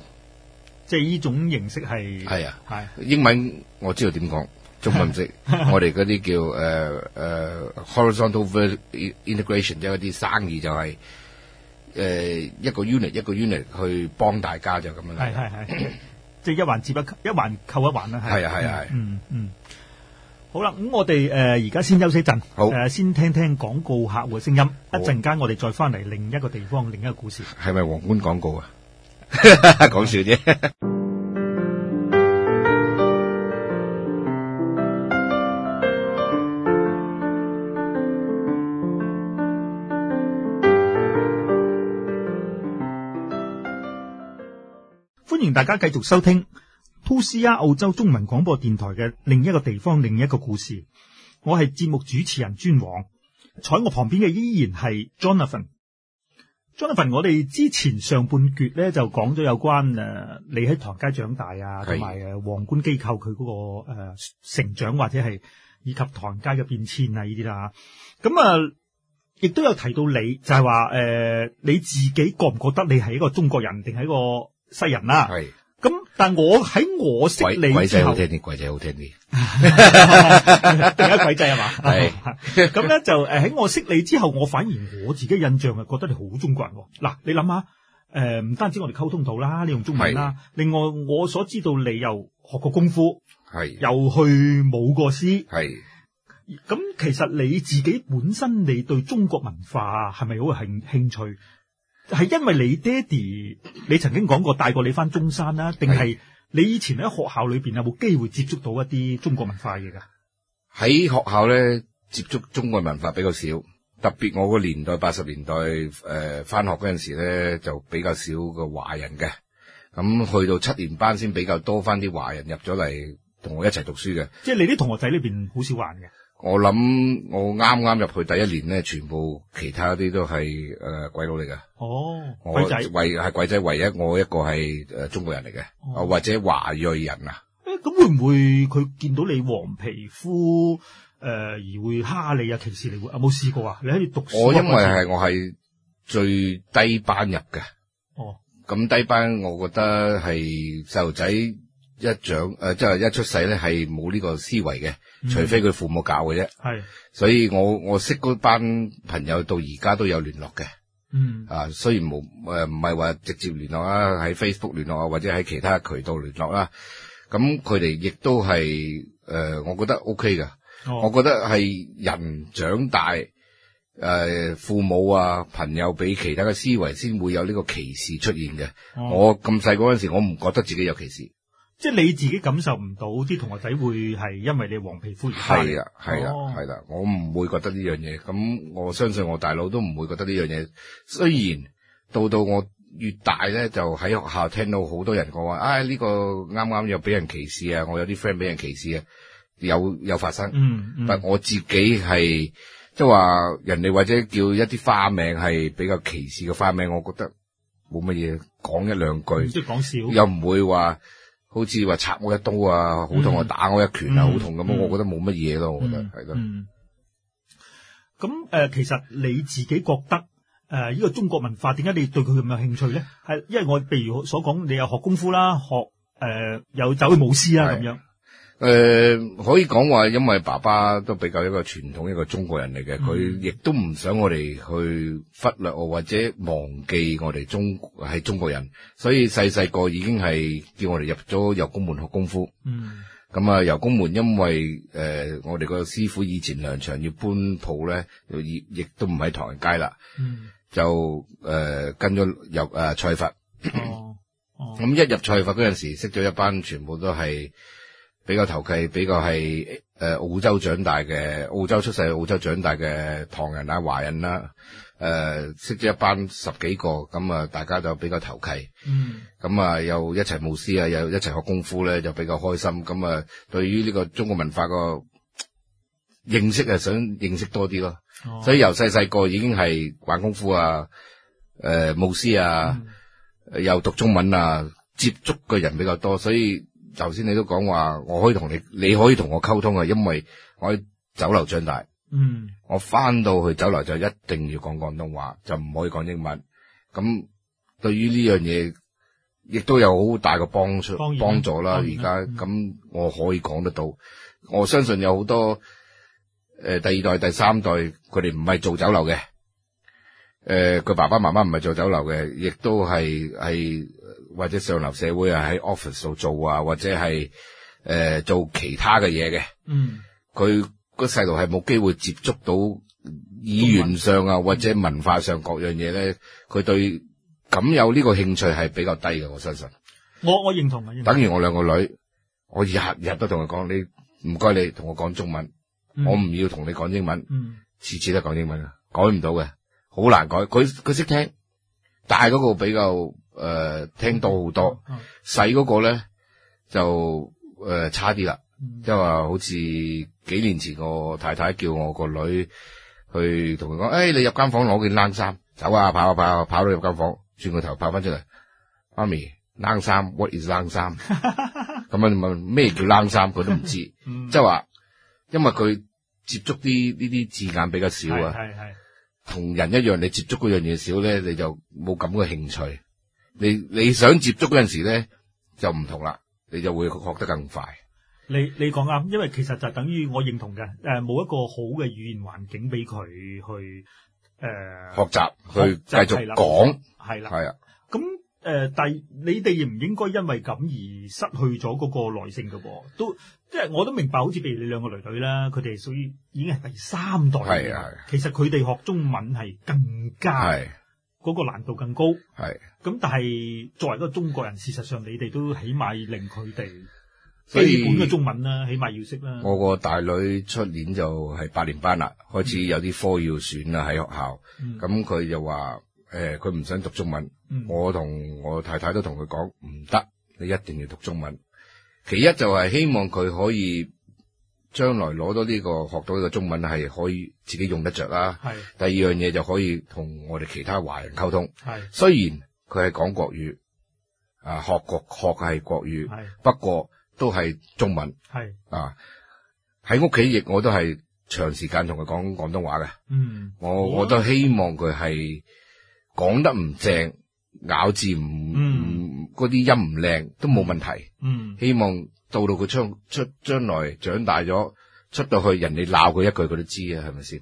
即係呢種形式係係啊，係、啊、英文我知道點講，中文唔識。 我哋嗰啲叫誒誒、uh, uh, horizontal integration，即係一啲生意就係、是、誒、uh, 一個 unit 一個 unit 去幫大家就咁樣。係係係，即係、啊啊 就是、一環接一，一環扣一環啦。係啊係啊係、啊啊啊。嗯嗯，好啦，咁我哋誒而家先休息一陣，誒先聽聽廣告客戶嘅聲音。一陣間我哋再翻嚟另一個地方，另一個故事。係咪皇冠廣告啊？嗯講笑啫！ 而 歡迎大家繼續收聽 2CR 澳洲中文廣播電台嘅另一個地方，另一個故事。我係節目主持人尊王，坐我旁邊嘅依然係 Jonathan。Jonathan，我哋之前上半節咧就講咗有關誒，你喺唐街長大啊，同埋誒，皇冠機構佢嗰個誒成長或者係以及唐街嘅變遷啊呢啲啦，咁啊，亦都有提到你就係話誒，你自己覺唔覺得你係一個中國人定係一個西人啦？但我喺我識你之後，鬼鬼仔好聽啲，鬼仔好聽啲，定係鬼仔係嘛？係咁咧就誒，喺我識你之後，我反而我自己印象係覺得你好中國人喎。嗱，你諗下，誒唔單止我哋溝通到啦，你用中文啦，另外我所知道你又學過功夫，係又去舞過獅，係咁其實你自己本身你對中國文化係咪好有興興趣？係因為你爹哋，你曾經講過帶過你翻中山啦，定係你以前喺學校裏邊有冇機會接觸到一啲中國文化嘢噶？喺學校咧，接觸中國文化比較少，特別我個年代八十年代，誒，翻學嗰陣時咧就比較少個華人嘅，咁去到七年班先比較多翻啲華人入咗嚟同我一齊讀書嘅，即係你啲同學仔裏邊好少玩嘅。我諗我啱啱入去第一年咧，全部其他啲都係誒、呃、鬼佬嚟噶。哦，我鬼仔唯係鬼仔唯一我一個係誒、呃、中國人嚟嘅、哦，或者華裔人啊。誒、欸，咁會唔會佢見到你黃皮膚誒、呃、而會蝦你啊歧視你？有冇試過啊？你喺度讀書。我因為係我係最低班入嘅。哦。咁低班我覺得係細路仔。一長誒，即、呃、係、就是、一出世咧，係冇呢個思維嘅、嗯，除非佢父母教嘅啫。係，所以我我識嗰班朋友到而家都有聯絡嘅。嗯啊，雖然冇誒唔係話直接聯絡啊，喺、嗯、Facebook 聯絡啊，或者喺其他渠道聯絡啦。咁佢哋亦都係誒，我覺得 OK 噶、哦。我覺得係人長大誒、呃，父母啊，朋友俾其他嘅思維先會有呢個歧視出現嘅、哦。我咁細嗰陣時，我唔覺得自己有歧視。即係你自己感受唔到啲同學仔會係因為你黃皮膚而係啊係啊係啦、oh. 啊，我唔會覺得呢樣嘢咁。我相信我大佬都唔會覺得呢樣嘢。雖然到到我越大咧，就喺學校聽到好多人講話，唉、哎、呢、這個啱啱又俾人歧視啊，我有啲 friend 俾人歧視啊，有有發生。嗯嗯，但係我自己係即係話人哋或者叫一啲花名係比較歧視嘅花名，我覺得冇乜嘢，講一兩句，即係講笑又唔會話好似話插我一刀啊，好痛啊、嗯！打我一拳啊，好痛咁、啊、樣、嗯，我覺得冇乜嘢咯，我覺得係咯。咁誒、嗯嗯呃，其實你自己覺得誒、呢、呃呢個中國文化點解你對佢咁有興趣咧？係，因為我譬如所講，你又學功夫啦，學誒、又、呃、走去舞獅啦咁樣。誒、呃，可以講話，因為爸爸都比較一個傳統一個中國人嚟嘅，佢亦都唔想我哋去忽略或者忘記我哋中係中國人，所以細細個已經係叫我哋入咗油工門學功夫。嗯、咁、嗯、啊、油、呃、工門因為誒、呃，我哋個師傅以前梁場要搬鋪咧，亦亦都唔喺唐人街啦。嗯，就誒、呃、跟咗入誒蔡佛咁、 哦哦嗯、一入蔡佛嗰陣時，識咗一班全部都係。比較投契，比較係誒澳洲長大嘅，澳洲出世，澳洲長大嘅唐人啦，啊，華人啦、啊，誒、呃、識咗一班十幾個，咁啊大家就比較投契，嗯，咁啊又一齊舞獅啊，又一齊學功夫咧，就比較開心，咁啊、呃、對於呢個中國文化個認識啊，想認識多啲咯、啊哦，所以由細細個已經係玩功夫啊，誒舞獅啊、嗯，又讀中文啊，接觸嘅人比較多，所以。頭先你都講話，我可以同你，你可以同我溝通啊，因為我喺酒樓長大，嗯，我返到去酒樓就一定要講廣東話，就唔可以講英文。咁對於呢樣嘢，亦都有好大嘅幫幫助啦。而家咁我可以講得到，我相信有好多誒、呃、第二代、第三代，佢哋唔係做酒樓嘅，誒、呃、佢爸爸媽媽唔係做酒樓嘅，亦都係係。或者上流社會啊，喺 office 度做啊，或者係誒、呃、做其他嘅嘢嘅。嗯，佢個細路係冇機會接觸到語言上啊，或者文化上各樣嘢咧。佢對咁有呢個興趣係比較低嘅，我相信。我我認同，認同。等於我兩個女，我日日都同佢講，你唔該你同我講中文，嗯、我唔要同你講英文，次、嗯、次都講英文啊，改唔到嘅，好難改。佢佢識聽。大嗰個比較誒、呃、聽到好多，細、嗯、嗰個咧就誒、呃、差啲啦，即係話好似幾年前我太太叫我個女去同佢講，誒、嗯哎、你入間房攞件冷衫，走啊跑啊跑啊，跑啊，跑到入間房，轉個頭跑翻出嚟，媽咪冷衫，what is 冷衫？咁 啊問咩叫冷衫，佢都唔知，即係話因為佢接觸啲呢啲字眼比較少、嗯、啊。同人一樣，你接觸嗰樣嘢少咧，你就冇咁嘅興趣。你你想接觸嗰陣時咧，就唔同啦，你就會學得更快。你你講啱，因為其實就等於我認同嘅，誒，冇一個好嘅語言環境俾佢去誒學習，去繼續講，係啦，係啊，咁。誒、呃，但係你哋唔應該因為咁而失去咗嗰個耐性噶喎、哦，都即係我都明白，好似譬如你兩個女女啦，佢哋屬於已經係第三代，係啊，其實佢哋學中文係更加嗰、嗰個難度更高，係咁，但係作為一個中國人，事實上你哋都起碼令佢哋基本嘅中文啦，起碼要識啦。我個大女出年就係八年班啦、嗯，開始有啲科要選啦喺學校，咁、嗯、佢就話。誒、欸，佢唔想讀中文，嗯、我同我太太都同佢講唔得，你一定要讀中文。其一就係希望佢可以將來攞到呢、呢個學到呢個中文係可以自己用得着啦、啊。係第二樣嘢就可以同我哋其他華人溝通。係雖然佢係講國語啊，學國學嘅係國語，不過都係中文係啊。喺屋企亦我都係長時間同佢講廣東話嘅。嗯，我、啊、我都希望佢係。講得唔正，咬字唔唔，嗯，嗰啲音唔靚，嗯，都冇問題、嗯。希望到到佢將出將來長大咗，出到去人哋鬧佢一句，佢都知啊，係咪先？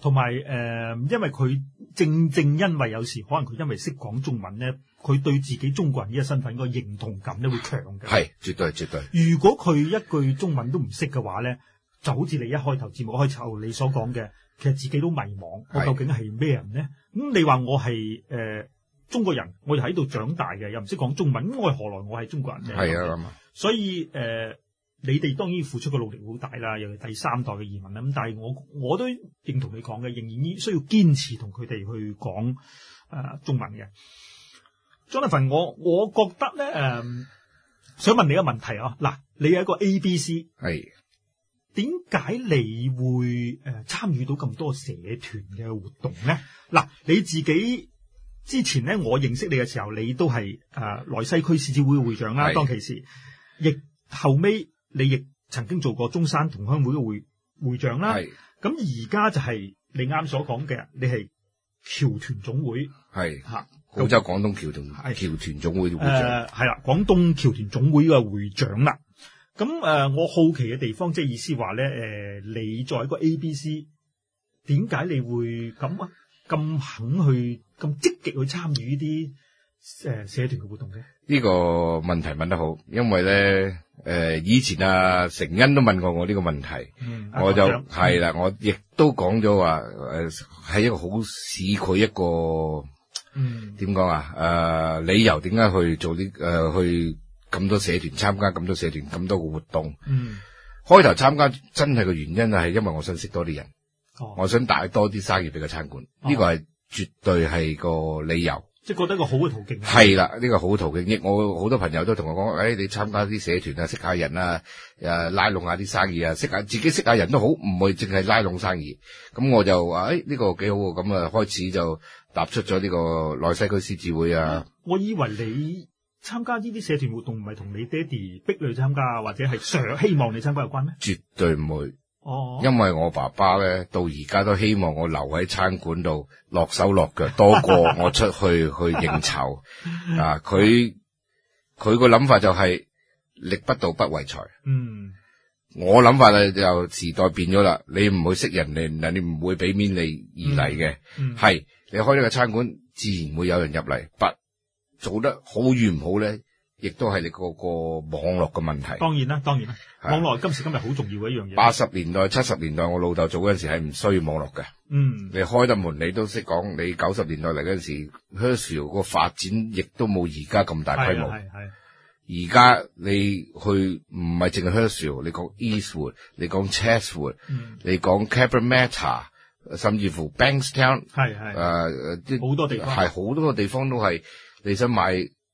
同埋誒，因為佢正正因為有時可能佢因為識講中文咧，佢對自己中國人呢個身份個認同感咧會強嘅。係，絕對絕對。如果佢一句中文都唔識嘅話咧，就好似你一開頭節目開頭你所講嘅。其實自己都迷茫，我究竟係咩人呢？咁、嗯、你話我係誒、呃、中國人，我又喺度長大嘅，又唔識講中文，咁我是何來我係中國人？係啊、okay？所以誒、呃，你哋當然付出嘅努力好大啦，尤其是第三代嘅移民啦。咁但係我我都認同你講嘅，仍然需要堅持同佢哋去講誒、呃、中文嘅。Jonathan，我我覺得咧誒、呃，想問你一個問題哦。嗱、啊，你係一個 A、B、C。係。點解你會誒參與到咁多社團嘅活動呢？嗱，你自己之前咧，我認識你嘅時候，你都係誒來西區市政會嘅會長啦，當其時，亦後尾你亦曾經做過中山同鄉會嘅會會長啦。係咁，而家就係你啱所講嘅，你係僑團總會係吓，澳洲廣東僑團僑團總會嘅會長係啦，廣東僑團總會嘅會長啦。咁誒，我好奇嘅地方，即係意思話咧，誒，你作為一個 ABC，點解你會咁啊，咁肯去，咁積極去參與呢啲誒社團嘅活動嘅？呢個問題問得好，因為咧，誒，以前啊，成恩都問過我呢個問題，我就係啦，我亦都講咗話，誒，係一個好市儈一個，嗯，點講啊？誒，理由點解去做呢？誒，去。咁多社團參加，咁多社團咁多個活動，嗯，開頭參加真係個原因啊，係因為我想識多啲人，哦，我想帶多啲生意俾，哦個餐館，呢個係絕對係個理由，即係覺得個好嘅途徑。係啦，呢個好途徑，亦我好多朋友都同我講，誒、哎，你參加啲社團啊，識下人啊，誒，拉攏下啲生意啊，識下自己識下人都好，唔會淨係拉攏生意。咁我就話，誒、哎，呢個幾好咁啊，開始就踏出咗呢個內西區獅子會啊。我以為你。參加呢啲社團活動唔係同你爹哋逼你去參加，或者係想希望你參加有關咩？絕對唔會。哦、oh.，因為我爸爸咧，到而家都希望我留喺餐館度落手落腳多過我出去 去應酬。 啊，佢佢個諗法就係力不到不為財。嗯、mm.，我諗法啊，就時代變咗啦。你唔會識人，你唔會俾面你而嚟嘅。係、mm.，係你開咗個餐館，自然會有人入嚟。不。做得好與唔好咧，亦都係你個個網絡嘅問題。當然啦，當然啦，網絡今時今日好重要嘅一樣嘢。八十年代、七十年代，我老豆做嗰陣時係唔需要網絡嘅。嗯，你開得門，你都識講。你九十年代嚟嗰陣時 Hurstville 個發展亦都冇而家咁大規模。係而家你去唔係淨係 Hurstville 你講 Eastwood，你講 Chatswood，你講 Cabramatta 甚至乎 Bankstown，係係、啊、誒誒，好、啊、多地方係好多個地方都係。你想買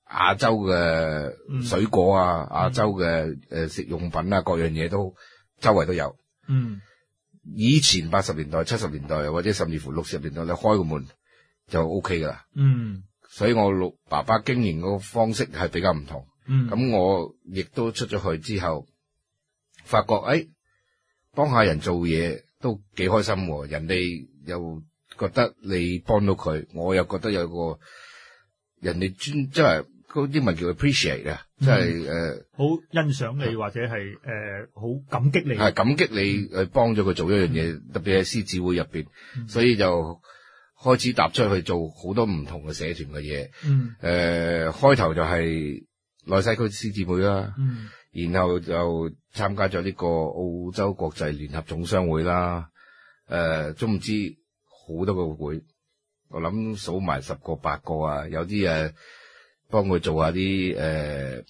亞洲嘅水果啊，嗯、亞洲嘅誒食用品啊，嗯、各樣嘢都周圍都有。嗯，以前八十年代、七十年代或者甚至乎六十年代，你開個門就 OK 噶啦。嗯，所以我爸爸經營嗰個方式係比較唔同。嗯，咁我亦都出咗去之後，發覺誒，幫下人做嘢都幾開心的，人哋又覺得你幫到佢，我又覺得有個。人哋專，即係英文叫 appreciate 啊、就是，即係誒，好、呃、欣賞你或者係誒好感激你，係感激你去幫咗佢做一樣嘢、嗯，特別係獅子會入邊、嗯，所以就開始踏出去做好多唔同嘅社團嘅嘢。誒、嗯呃、開頭就係內西區獅子會啦、嗯，然後就參加咗呢個澳洲國際聯合總商會啦。誒、呃，總唔知好多個會。我諗數埋十個八個啊，有啲誒幫佢做下啲誒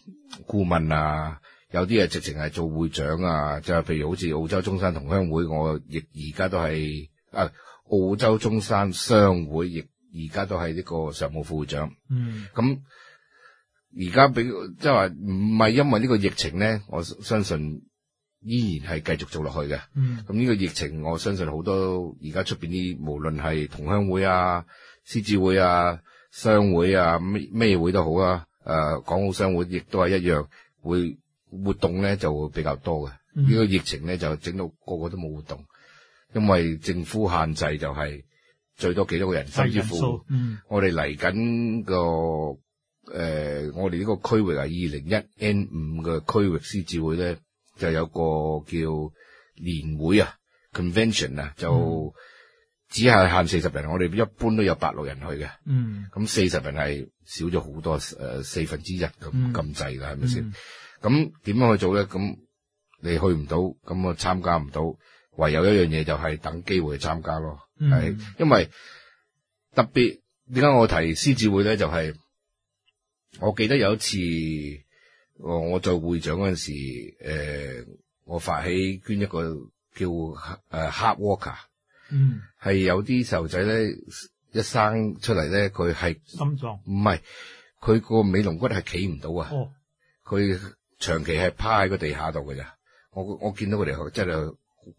顧問啊，有啲啊直情係做會長啊，就係譬如好似澳洲中山同鄉會，我亦而家都係啊澳洲中山商會，亦而家都係呢個常務副會長。嗯，咁而家畀即係話唔係因為呢個疫情咧，我相信。依然係繼續做落去嘅。嗯，咁呢個疫情，我相信好多而家出邊啲，無論係同鄉會啊、獅子會啊、商會啊，咩咩會都好啊。誒、呃，港澳商會亦都係一樣會活動咧，就會比較多嘅。呢、嗯這個疫情咧就整到個個都冇活動，因為政府限制就係最多幾多個人之，甚至乎我哋嚟緊個誒，我哋、呃、呢個區域係二零一 N 五嘅區域獅子會咧。就有個叫年會啊，convention 啊，就只係限四十人，我哋一般都有百六人去嘅。嗯，咁四十人係少咗好多，誒、呃，四分之一咁咁滯啦，係咪先？咁、嗯、點樣去做咧？咁你去唔到，咁我參加唔到，唯有一樣嘢就係等機會去參加咯。係、嗯，因為特別點解我提獅子會咧？就係、是、我記得有一次。我我做會長嗰陣時，誒、呃，我發起捐一個叫誒 hard walker，嗯，係有啲細路仔咧，一生出嚟咧，佢係心臟唔係佢個尾龍骨係企唔到啊。佢、哦、長期係趴喺個地下度噶咋。我我見到佢哋真係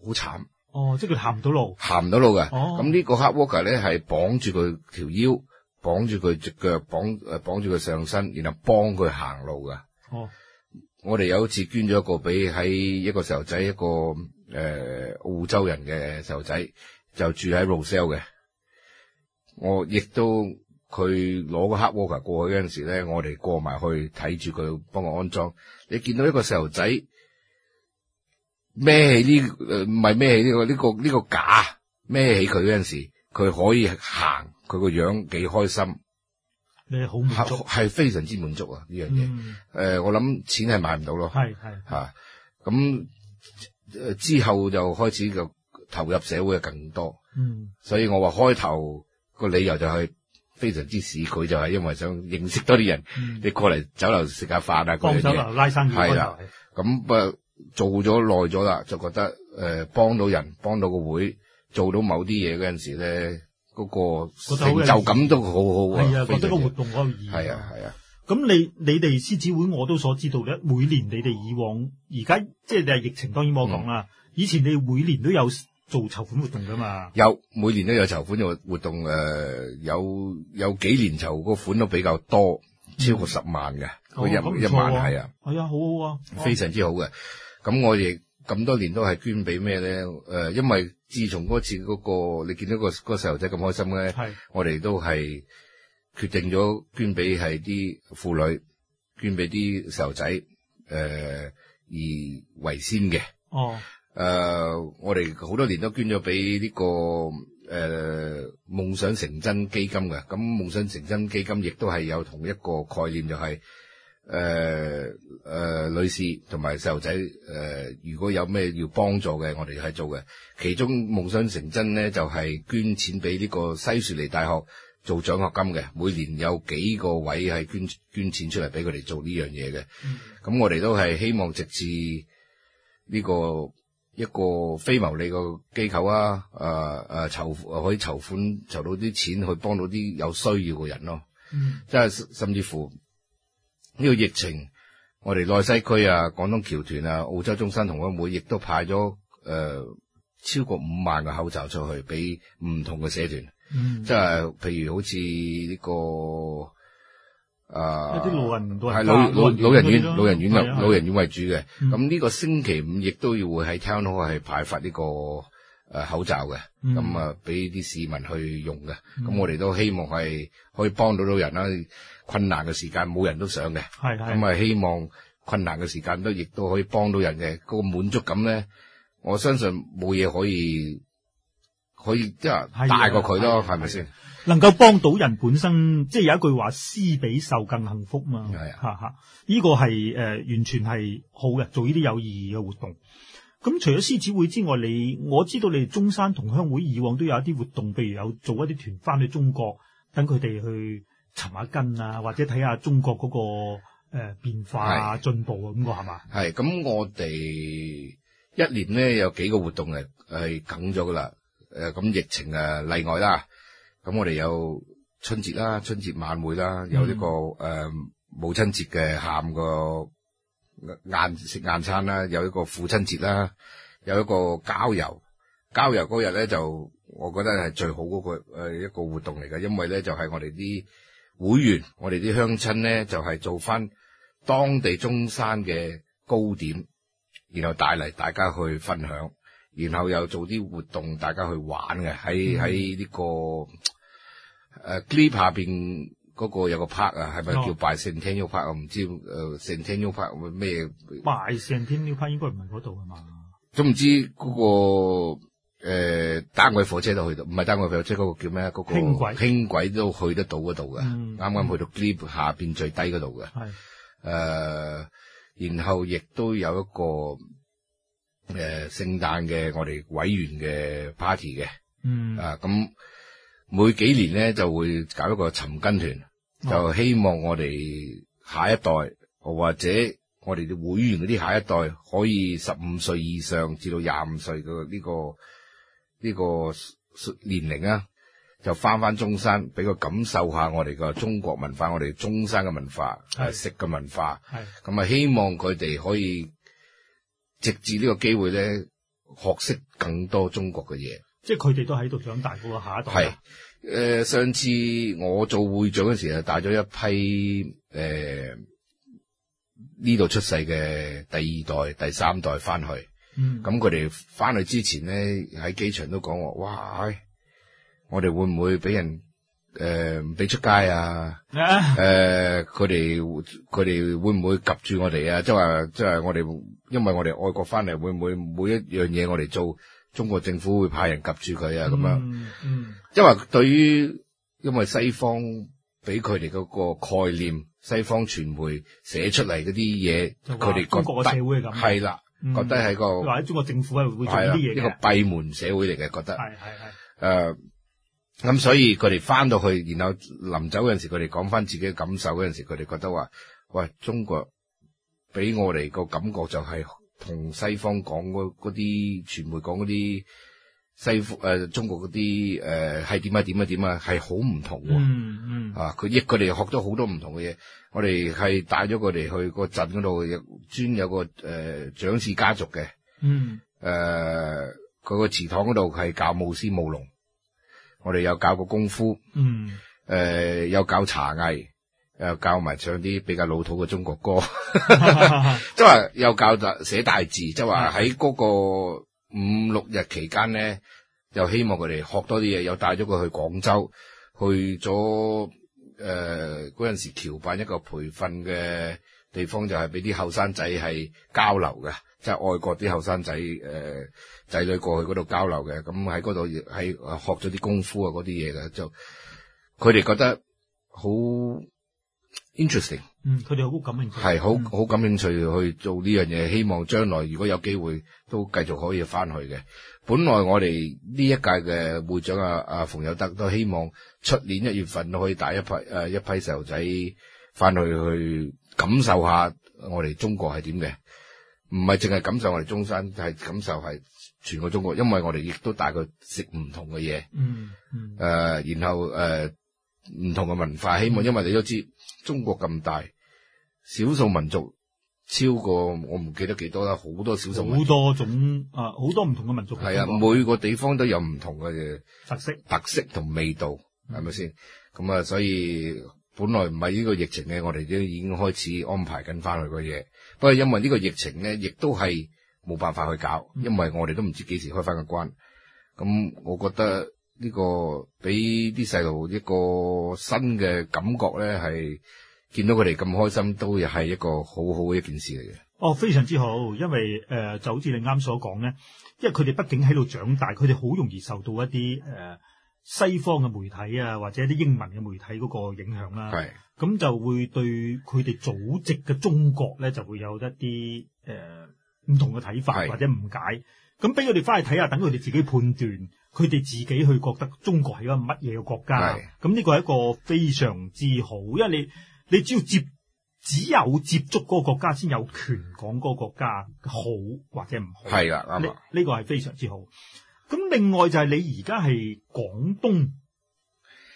好慘哦，即係佢行唔到路，行唔到路㗎。咁、哦、呢個 hard walker 咧係綁住佢條腰，綁住佢隻腳，綁誒綁住佢上身，然後幫佢行路噶。哦、oh.，我哋有一次捐咗一個俾喺一個細路仔，一個誒、呃、澳洲人嘅細路仔，就住喺 Rozelle 嘅。我亦都佢攞個黑 walker 過去陣時咧，我哋過埋去睇住佢，幫我安裝。你見到一個細路仔孭起呢、這、誒、個，唔係孭起呢、這個呢、這個呢、這個這個架，孭起佢陣時候，佢可以行，佢個樣幾開心。你好滿足，係非常之滿足啊！呢樣嘢，誒、嗯呃，我諗錢係買唔到咯。係係吓，咁誒、啊嗯、之後就開始就投入社會嘅更多。嗯，所以我話開頭個理由就係非常之市，佢就係因為想認識多啲人。嗯、你過嚟酒樓食下飯啊，幫酒樓拉生意。係啦，咁不過、嗯、做咗耐咗啦，就覺得誒、呃、幫到人，幫到個會，做到某啲嘢嗰陣時咧。嗰、那個、就咁都好好啊，係啊，覺得個活動可以係啊係啊。咁、啊啊、你你哋獅子會我都所知道咧，每年你哋以往而家即係疫情當然冇講啦、嗯，以前你每年都有做籌款活動噶嘛，有每年都有籌款嘅活動誒，有有幾年籌個款都比較多，超過十萬嘅，每、嗯哦、一一萬係啊，係啊、哎，好好啊，非常之好嘅。咁、啊、我亦咁多年都係捐俾咩咧？誒、呃，因為自從嗰次嗰個你見到嗰個個細路仔咁開心咧，係，我哋都係決定咗捐俾係啲婦女，捐給一些，捐俾啲細路仔，誒而為先嘅。哦、呃，我哋好多年都捐咗俾呢個、呃、夢想成真基金嘅，咁夢想成真基金亦都係有同一個概念，就係、是。誒、呃、誒、呃，女士同埋細路仔，誒、呃，如果有咩要幫助嘅，我哋係做嘅。其中夢想成真咧，就係、是、捐錢俾呢個西雪梨大學做獎學金嘅，每年有幾個位係捐捐錢出嚟俾佢哋做呢樣嘢嘅。咁、嗯、我哋都係希望藉住呢、這個一個非牟利個機構啊，誒誒籌可以籌款籌到啲錢去幫到啲有需要嘅人咯。嗯，真，即係甚至乎。呢、這個疫情，我哋內西區啊，廣東僑團啊，澳洲中山同鄉會亦都派咗誒、呃、超過五萬個口罩出去俾唔同嘅社團，嗯，即係譬如好似呢、這個誒啲老人，係老老老人院，啊、老，老，老人院，老人院，老，人院，啊、老人院為主嘅。咁呢、啊、個星期五亦都要會喺 town hall 係派發呢、這個。誒，口罩嘅，咁啊，俾啲市民去用嘅，咁我哋都希望係可以幫到到人啦。困難嘅時間，冇人都想嘅，係咁啊，希望困難嘅時間都亦都可以幫到人嘅，嗰個滿足感咧，我相信冇嘢可以可以即係大過佢咯，係咪先？能夠幫到人本身，即係有一句話，施比受更幸福嘛，係啊，哈 哈，呢個係誒完全係好嘅，做呢啲有意義嘅活動。咁除咗獅子會之外，你我知道你哋中山同鄉會以往都有一啲活動，譬如有做一啲團翻去中國，等佢哋去尋下根啊，或者睇下中國嗰、那個誒、呃、變化啊、進步啊咁、那個係嘛？係咁，我哋一年咧有幾個活動誒係梗咗噶啦。咁、呃呃、疫情啊例外啦。咁我哋有春節啦，春節晚會啦，有呢個誒、嗯呃、母親節嘅喊個。晏食晏餐啦，有一個父親節啦，有一個郊遊。郊遊嗰日咧，就我覺得係最好嗰個誒一個活動嚟嘅，因為咧就係我哋啲會員，我哋啲鄉親咧就係做翻當地中山嘅糕點，然後帶嚟大家去分享，然後又做啲活動，大家去玩嘅，喺喺呢個誒 Clip 下邊。嗰、那個有個 park 啊，係咪叫拜聖天耀 park？Oh。我唔知誒，聖天耀 park 咩？拜聖天耀 park 應該唔係嗰度係嘛？總之嗰個誒、呃、單軌火車都去到，唔係單位火車，嗰、那個叫咩？嗰、那個輕軌輕軌都去得到嗰度嘅，啱、嗯、啱去到 Glebe 下邊最低嗰度嘅。係誒、呃，然後亦都有一個誒聖誕嘅我哋委員嘅 party 嘅。嗯啊咁。每幾年咧，就會搞一個尋根團，就希望我哋下一代，或者我哋嘅會員嗰啲下一代，可以十五歲以上至到廿五歲嘅呢個呢個年齡啊，就翻翻中山，俾佢感受一下我哋嘅中國文化，我哋中山嘅文化，係食嘅文化，係咁啊，希望佢哋可以藉住呢個機會咧，學識更多中國嘅嘢。即係佢哋都喺度長大噶下一代係誒、呃，上次我做會長嘅時候，帶咗一批誒呢度出世嘅第二代、第三代翻去，咁佢哋翻去之前咧喺機場都講話：「哇！我哋會唔會俾人誒唔俾出街啊？誒、 呃，佢哋佢哋會唔會及住我哋啊？即係即係我哋，因為我哋外國翻嚟，會唔會每一樣嘢我哋做？中國政府會派人及住佢啊，咁、嗯、樣，因為對於因為西方俾佢哋嗰個概念，西方傳媒寫出嚟嗰啲嘢，佢哋覺得係啦、嗯，覺得係個中國政府會做啲嘢，一個閉門社會嚟嘅，覺得係係係誒，咁、呃嗯、所以佢哋翻到去，然後臨走嗰陣時，佢哋講翻自己嘅感受嗰陣時，佢哋覺得話喂，中國俾我哋個感覺就係、是。同西方講嗰啲傳媒講嗰啲西方，呃、中國嗰啲誒係點啊點啊點啊，係好唔同喎。啊佢亦佢哋學咗好多唔同嘅嘢。我哋係帶咗佢哋去個鎮嗰度，專有有個，呃、長氏家族嘅，誒佢個祠堂嗰度係教舞獅舞龍，我哋有教過功夫，又、嗯呃、有教茶藝。又教埋唱啲比較老土嘅中國歌， 即 又教就寫大字就。即係話喺嗰個五六日期間咧，又希望佢哋學多啲嘢，又帶咗佢去廣州去，去咗誒嗰陣時僑辦一個培訓嘅地方，就係俾啲後生仔係交流嘅，即係外國啲後生仔誒仔女過去嗰度交流嘅。咁喺嗰度係學咗啲功夫啊，嗰啲嘢嘅就佢哋覺得好，interesting，嗯，佢哋好感興趣，係好好感興趣去做呢樣嘢，希望將來如果有機會都繼續可以翻去嘅。本來我哋呢一屆嘅會長阿阿、啊、馮友德都希望出年一月份都可以帶一批誒、啊、一批細路仔翻去去感受下我哋中國係點嘅，唔係淨係感受我哋中山，係感受係全個中國，因為我哋亦都帶佢食唔同嘅嘢，嗯嗯，誒、啊，然後誒。啊唔同嘅文化，希望因為你都知中國咁大，少數民族超過我唔記得幾多啦，好多少數民族好多種啊，好多唔同嘅民族係啊，每個地方都有唔同嘅特，特色、特色同味道，係咪先？咁、嗯、啊，所以本來唔係呢個疫情咧，我哋都已經開始安排緊翻去嘅嘢，不過因為呢個疫情咧，亦都係冇辦法去搞，因為我哋都唔知幾時開翻個關，咁我覺得。呢個俾啲細路一個新嘅感覺咧，係見到佢哋咁開心，都係一個好好嘅一件事嚟嘅。哦，非常之好，因為誒就好似你啱所講咧，因為佢哋畢竟喺度長大，佢哋好容易受到一啲誒西方嘅媒體啊，或者一啲英文嘅媒體嗰個影響啦。係咁就會對佢哋祖籍嘅中國咧，就會有一啲誒唔同嘅睇法或者誤解。咁俾佢哋翻去睇下，等佢哋自己判斷。佢哋自己去覺得中國係一個乜嘢嘅國家，咁呢個係一個非常之好，因為你你只要接只有接觸嗰個，個國家，先有權講嗰個國家好或者唔好。係啦，啱呢，呢個係非常之好。咁另外就係你而家係廣東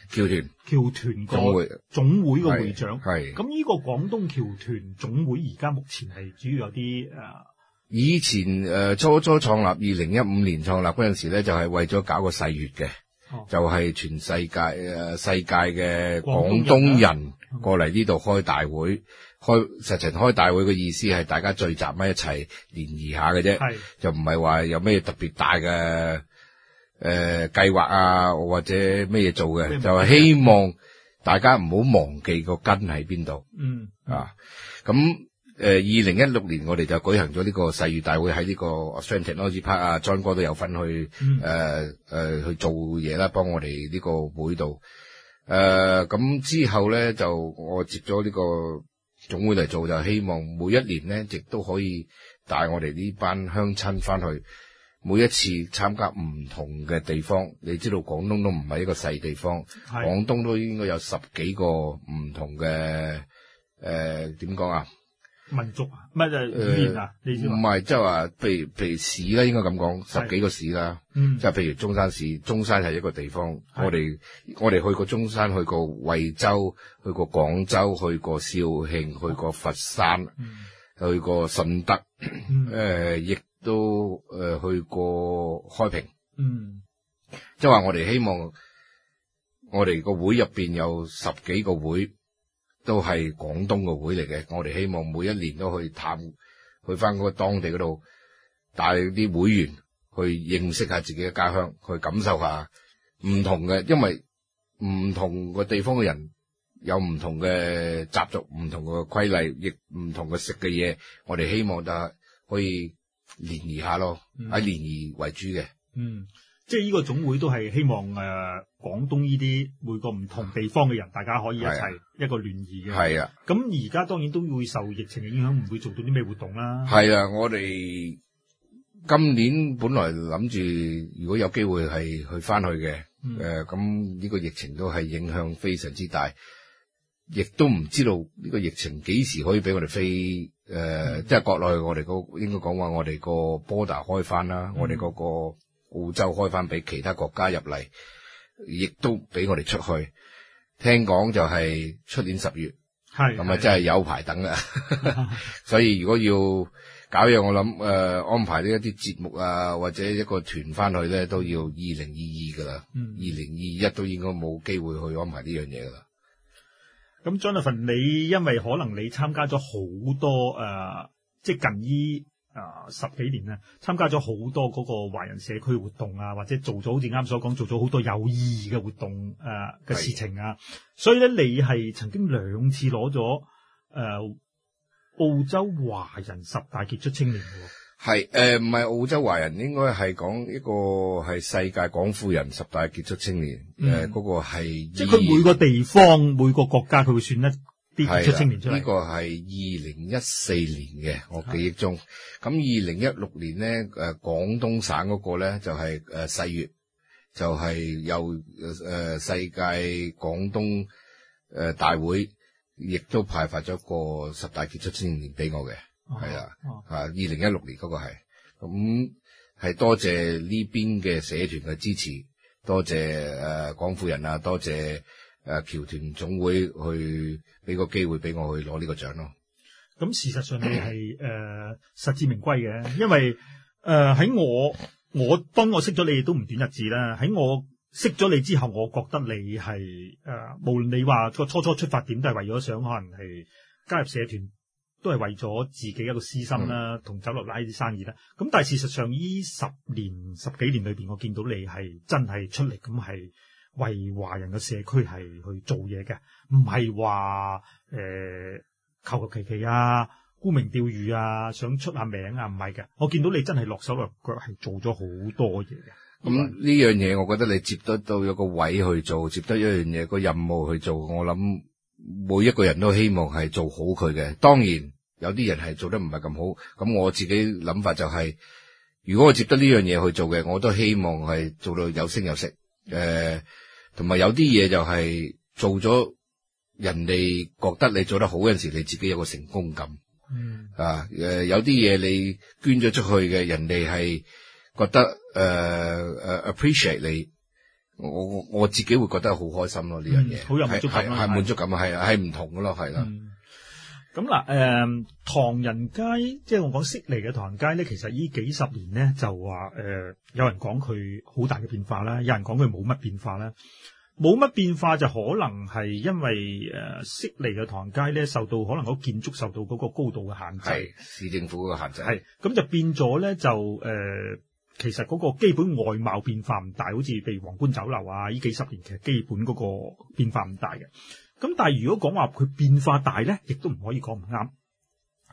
僑團僑團個總會嘅會，會長。係咁呢個廣東僑團總會而家目前係主要有啲誒。以前誒、呃，初初創立二零一五年創立嗰陣時咧，就係、是、為咗搞個世月嘅、哦，就係、是、全世界誒、呃、世界嘅廣東人過嚟呢度開大會，開實情開大會嘅意思係大家聚集埋一齊聯誼下嘅啫，就唔係話有咩特別大嘅誒計劃啊，或者咩嘢做嘅，就係希望大家唔好忘記個根喺邊度，嗯，嗯啊咁。誒、呃，二零一六年我哋就舉行咗呢個世月大會喺呢個 Australian Technology Park 啊，John 哥都有份去誒誒、嗯呃呃、去做嘢啦，幫我哋呢個會度誒。咁、呃、之後咧就我接咗呢個總會嚟做，就是、希望每一年咧亦都可以帶我哋呢班鄉親翻去每一次參加唔同嘅地方。你知道廣東都唔係一個細地方，廣東都應該有十幾個唔同嘅誒，點、呃、講啊？民族啊，乜嘢語言啊？你唔係即係話，譬、呃就是、如譬如市啦、啊，應該咁講，十幾個市啦、啊。嗯，即係譬如中山市，中山係一個地方。我哋我哋去過中山，去過惠州，去過廣州，去過肇慶、啊，去過佛山，嗯、去過順德，誒、嗯，亦、呃、都誒、呃、去過開平。嗯，即係話我哋希望我哋個會入邊有十幾個會。都係廣東嘅會嚟嘅。我哋希望每一年都去探去翻嗰個當地嗰度，帶啲會員去認識下自己嘅家鄉，去感受下唔同嘅。因為唔同個地方嘅人有唔同嘅習俗、唔同嘅規例，亦唔同嘅食嘅嘢。我哋希望就係可以聯誼下咯，喺聯誼為主嘅。嗯，即係呢個總會都係希望誒，廣東呢啲每個唔同地方嘅人，大家可以一齊一個聯誼嘅係啊，咁而家當然都會受疫情嘅影響，唔會做到啲咩活動啦、啊。係啊，我哋今年本來諗住，如果有機會係去翻去嘅，誒、嗯，咁、呃、呢個疫情都係影響非常之大，亦都唔知道呢個疫情幾時可以俾我哋飛，誒、呃，即、嗯、係、就是、國內我哋嗰應該講話我哋個 border 開翻啦、嗯，我哋嗰個澳洲開翻俾其他國家入嚟，亦都俾我哋出去。聽講就係出年十月，係咁啊，真係有排等啦。 所以如果要搞嘢，我諗誒、呃、安排呢一啲節目啊，或者一個團翻去咧，都要二零二二噶啦。二零二一都應該冇機會去安排呢樣嘢噶啦。咁 Jonathan，你因為可能你參加咗好多誒、呃，即係近依。啊，十幾年啊，參加咗好多嗰個華人社區活動啊，或者做咗好似啱所講，做咗好多有意義嘅活動，誒、啊、嘅事情啊，所以咧，你係曾經兩次攞咗誒澳洲華人十大傑出青年喎。係誒，唔係澳洲華人，應該係講一個係世界廣府人十大傑出青年誒，嗰、嗯呃嗰個係。即係佢每個地方每個國家，佢會選一。係呢個係二零一四年嘅，我記憶中。咁二零一六年呢，誒廣東省嗰個呢就係誒四月，就係由誒世界廣東誒、呃、大會，亦都派發咗個十大傑出青年俾我嘅。係、哦、啊，吓二零一六年嗰個係。咁係多謝呢邊嘅社團嘅支持，多謝誒廣府人啊，多謝誒僑團總會去。俾個機會俾我去攞呢個獎咯。咁事實上你係實至名歸嘅，因為誒喺我我當我識咗你都唔短日子啦。喺我識咗你之後，我覺得你係誒無論你話個初初出發點都係為咗想可能係加入社團，都係為咗自己一個私心啦，同走落拉啲生意啦。咁但係事實上呢十年十幾年裏面，我見到你係真係出力咁係。唔係話華人嘅社區係去做嘢嘅，唔係話，呃，同埋有啲嘢就係做咗人哋覺得你做得好嗰陣時候，你自己有個成功感。嗯啊，誒，有啲嘢你捐咗出去嘅，人哋係覺得誒誒、呃啊、appreciate 你，我我自己會覺得好開心咯呢、嗯、樣嘢，好有滿足感啊，係滿足感，係，係唔同噶咯，係啦。咁嗱，誒、呃、唐人街，即係我講悉尼嘅唐人街咧，其實呢幾十年咧就話誒有人講佢好大嘅變化啦，有人講佢冇乜變化啦。冇乜變，變化就可能係因為誒悉尼嘅唐人街咧，受到可能嗰建築受到嗰個高度嘅限制、市政府嘅限制。係，咁就變咗咧，就誒、呃、其實嗰個基本外貌變化唔大，好似譬如皇冠酒樓啊，呢幾十年其實基本嗰個變化唔大嘅。咁但係如果講話佢變化大咧，亦都唔可以講唔啱。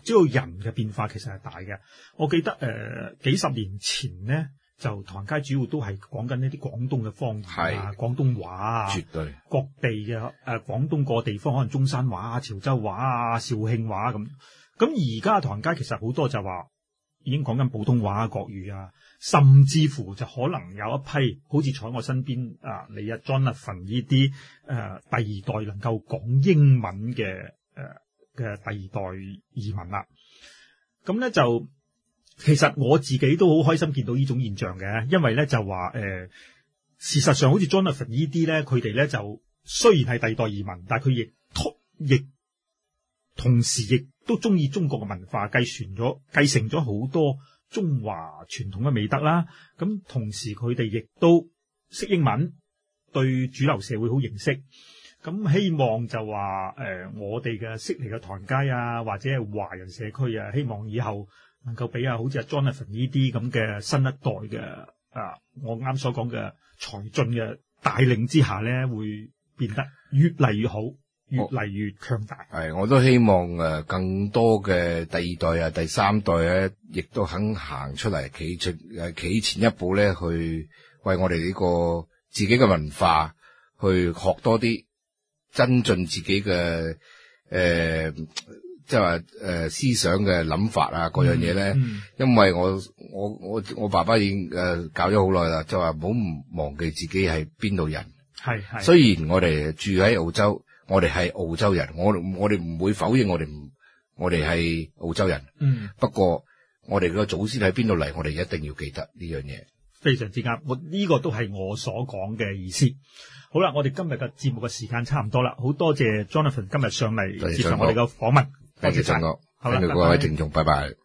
主要人嘅變化其實係大嘅。我記得誒、呃，幾十年前咧，就唐街主要都係講緊呢啲廣東嘅方言啊，廣東話啊，絕對各地嘅誒，廣東個地方可能中山話啊、潮州話啊、肇慶話咁。咁而家唐街其實好多就話。已經講緊普通話啊、國語啊，甚至乎就可能有一批好似坐我身邊啊，你啊，Jonathan 呢啲誒，第二代能夠講英文嘅誒嘅第二代移民啦。咁咧就其實我自己都好開心見到呢種現象嘅，因為咧就話誒、呃，事實上好似 Jonathan 呢啲咧，佢哋咧就雖然係第二代移民，但係佢亦亦同時亦，都中意中國嘅文化，繼傳咗、繼承咗好多中華傳統嘅美德啦。咁同時佢哋亦都識英文，對主流社會好認識，咁希望就話誒、呃、我哋嘅悉尼嘅唐街啊，或者係華人社區啊，希望以後能夠俾啊，好似阿 Jonathan 呢啲咁嘅新一代嘅啊，我啱所講嘅才俊嘅帶領之下咧，會變得越嚟越好。越嚟越強大，係我都希望誒、啊，更多嘅第二代啊、第三代咧、啊，亦都肯行出嚟，企出誒，企前一步咧，去為我哋呢個自己嘅文化去學多啲，增進自己嘅誒，即係話誒思想嘅諗法啊，各、嗯、樣嘢咧、嗯。因為我我我我爸爸已經誒搞咗好耐啦，就話唔好唔忘記自己係邊度人。係係，雖然我哋住喺澳洲。我哋係澳洲人，我我哋唔會否認我哋唔我哋係澳洲人。嗯，不過我哋個祖先喺邊度嚟，我哋一定要記得呢樣嘢。非常之啱，我呢個都係我所講嘅意思。好啦，我哋今日嘅節目嘅時間差唔多啦，好多謝 Jonathan 今日上嚟接受我哋嘅訪問，多謝晒。好啦，各位聽眾，拜拜。拜拜。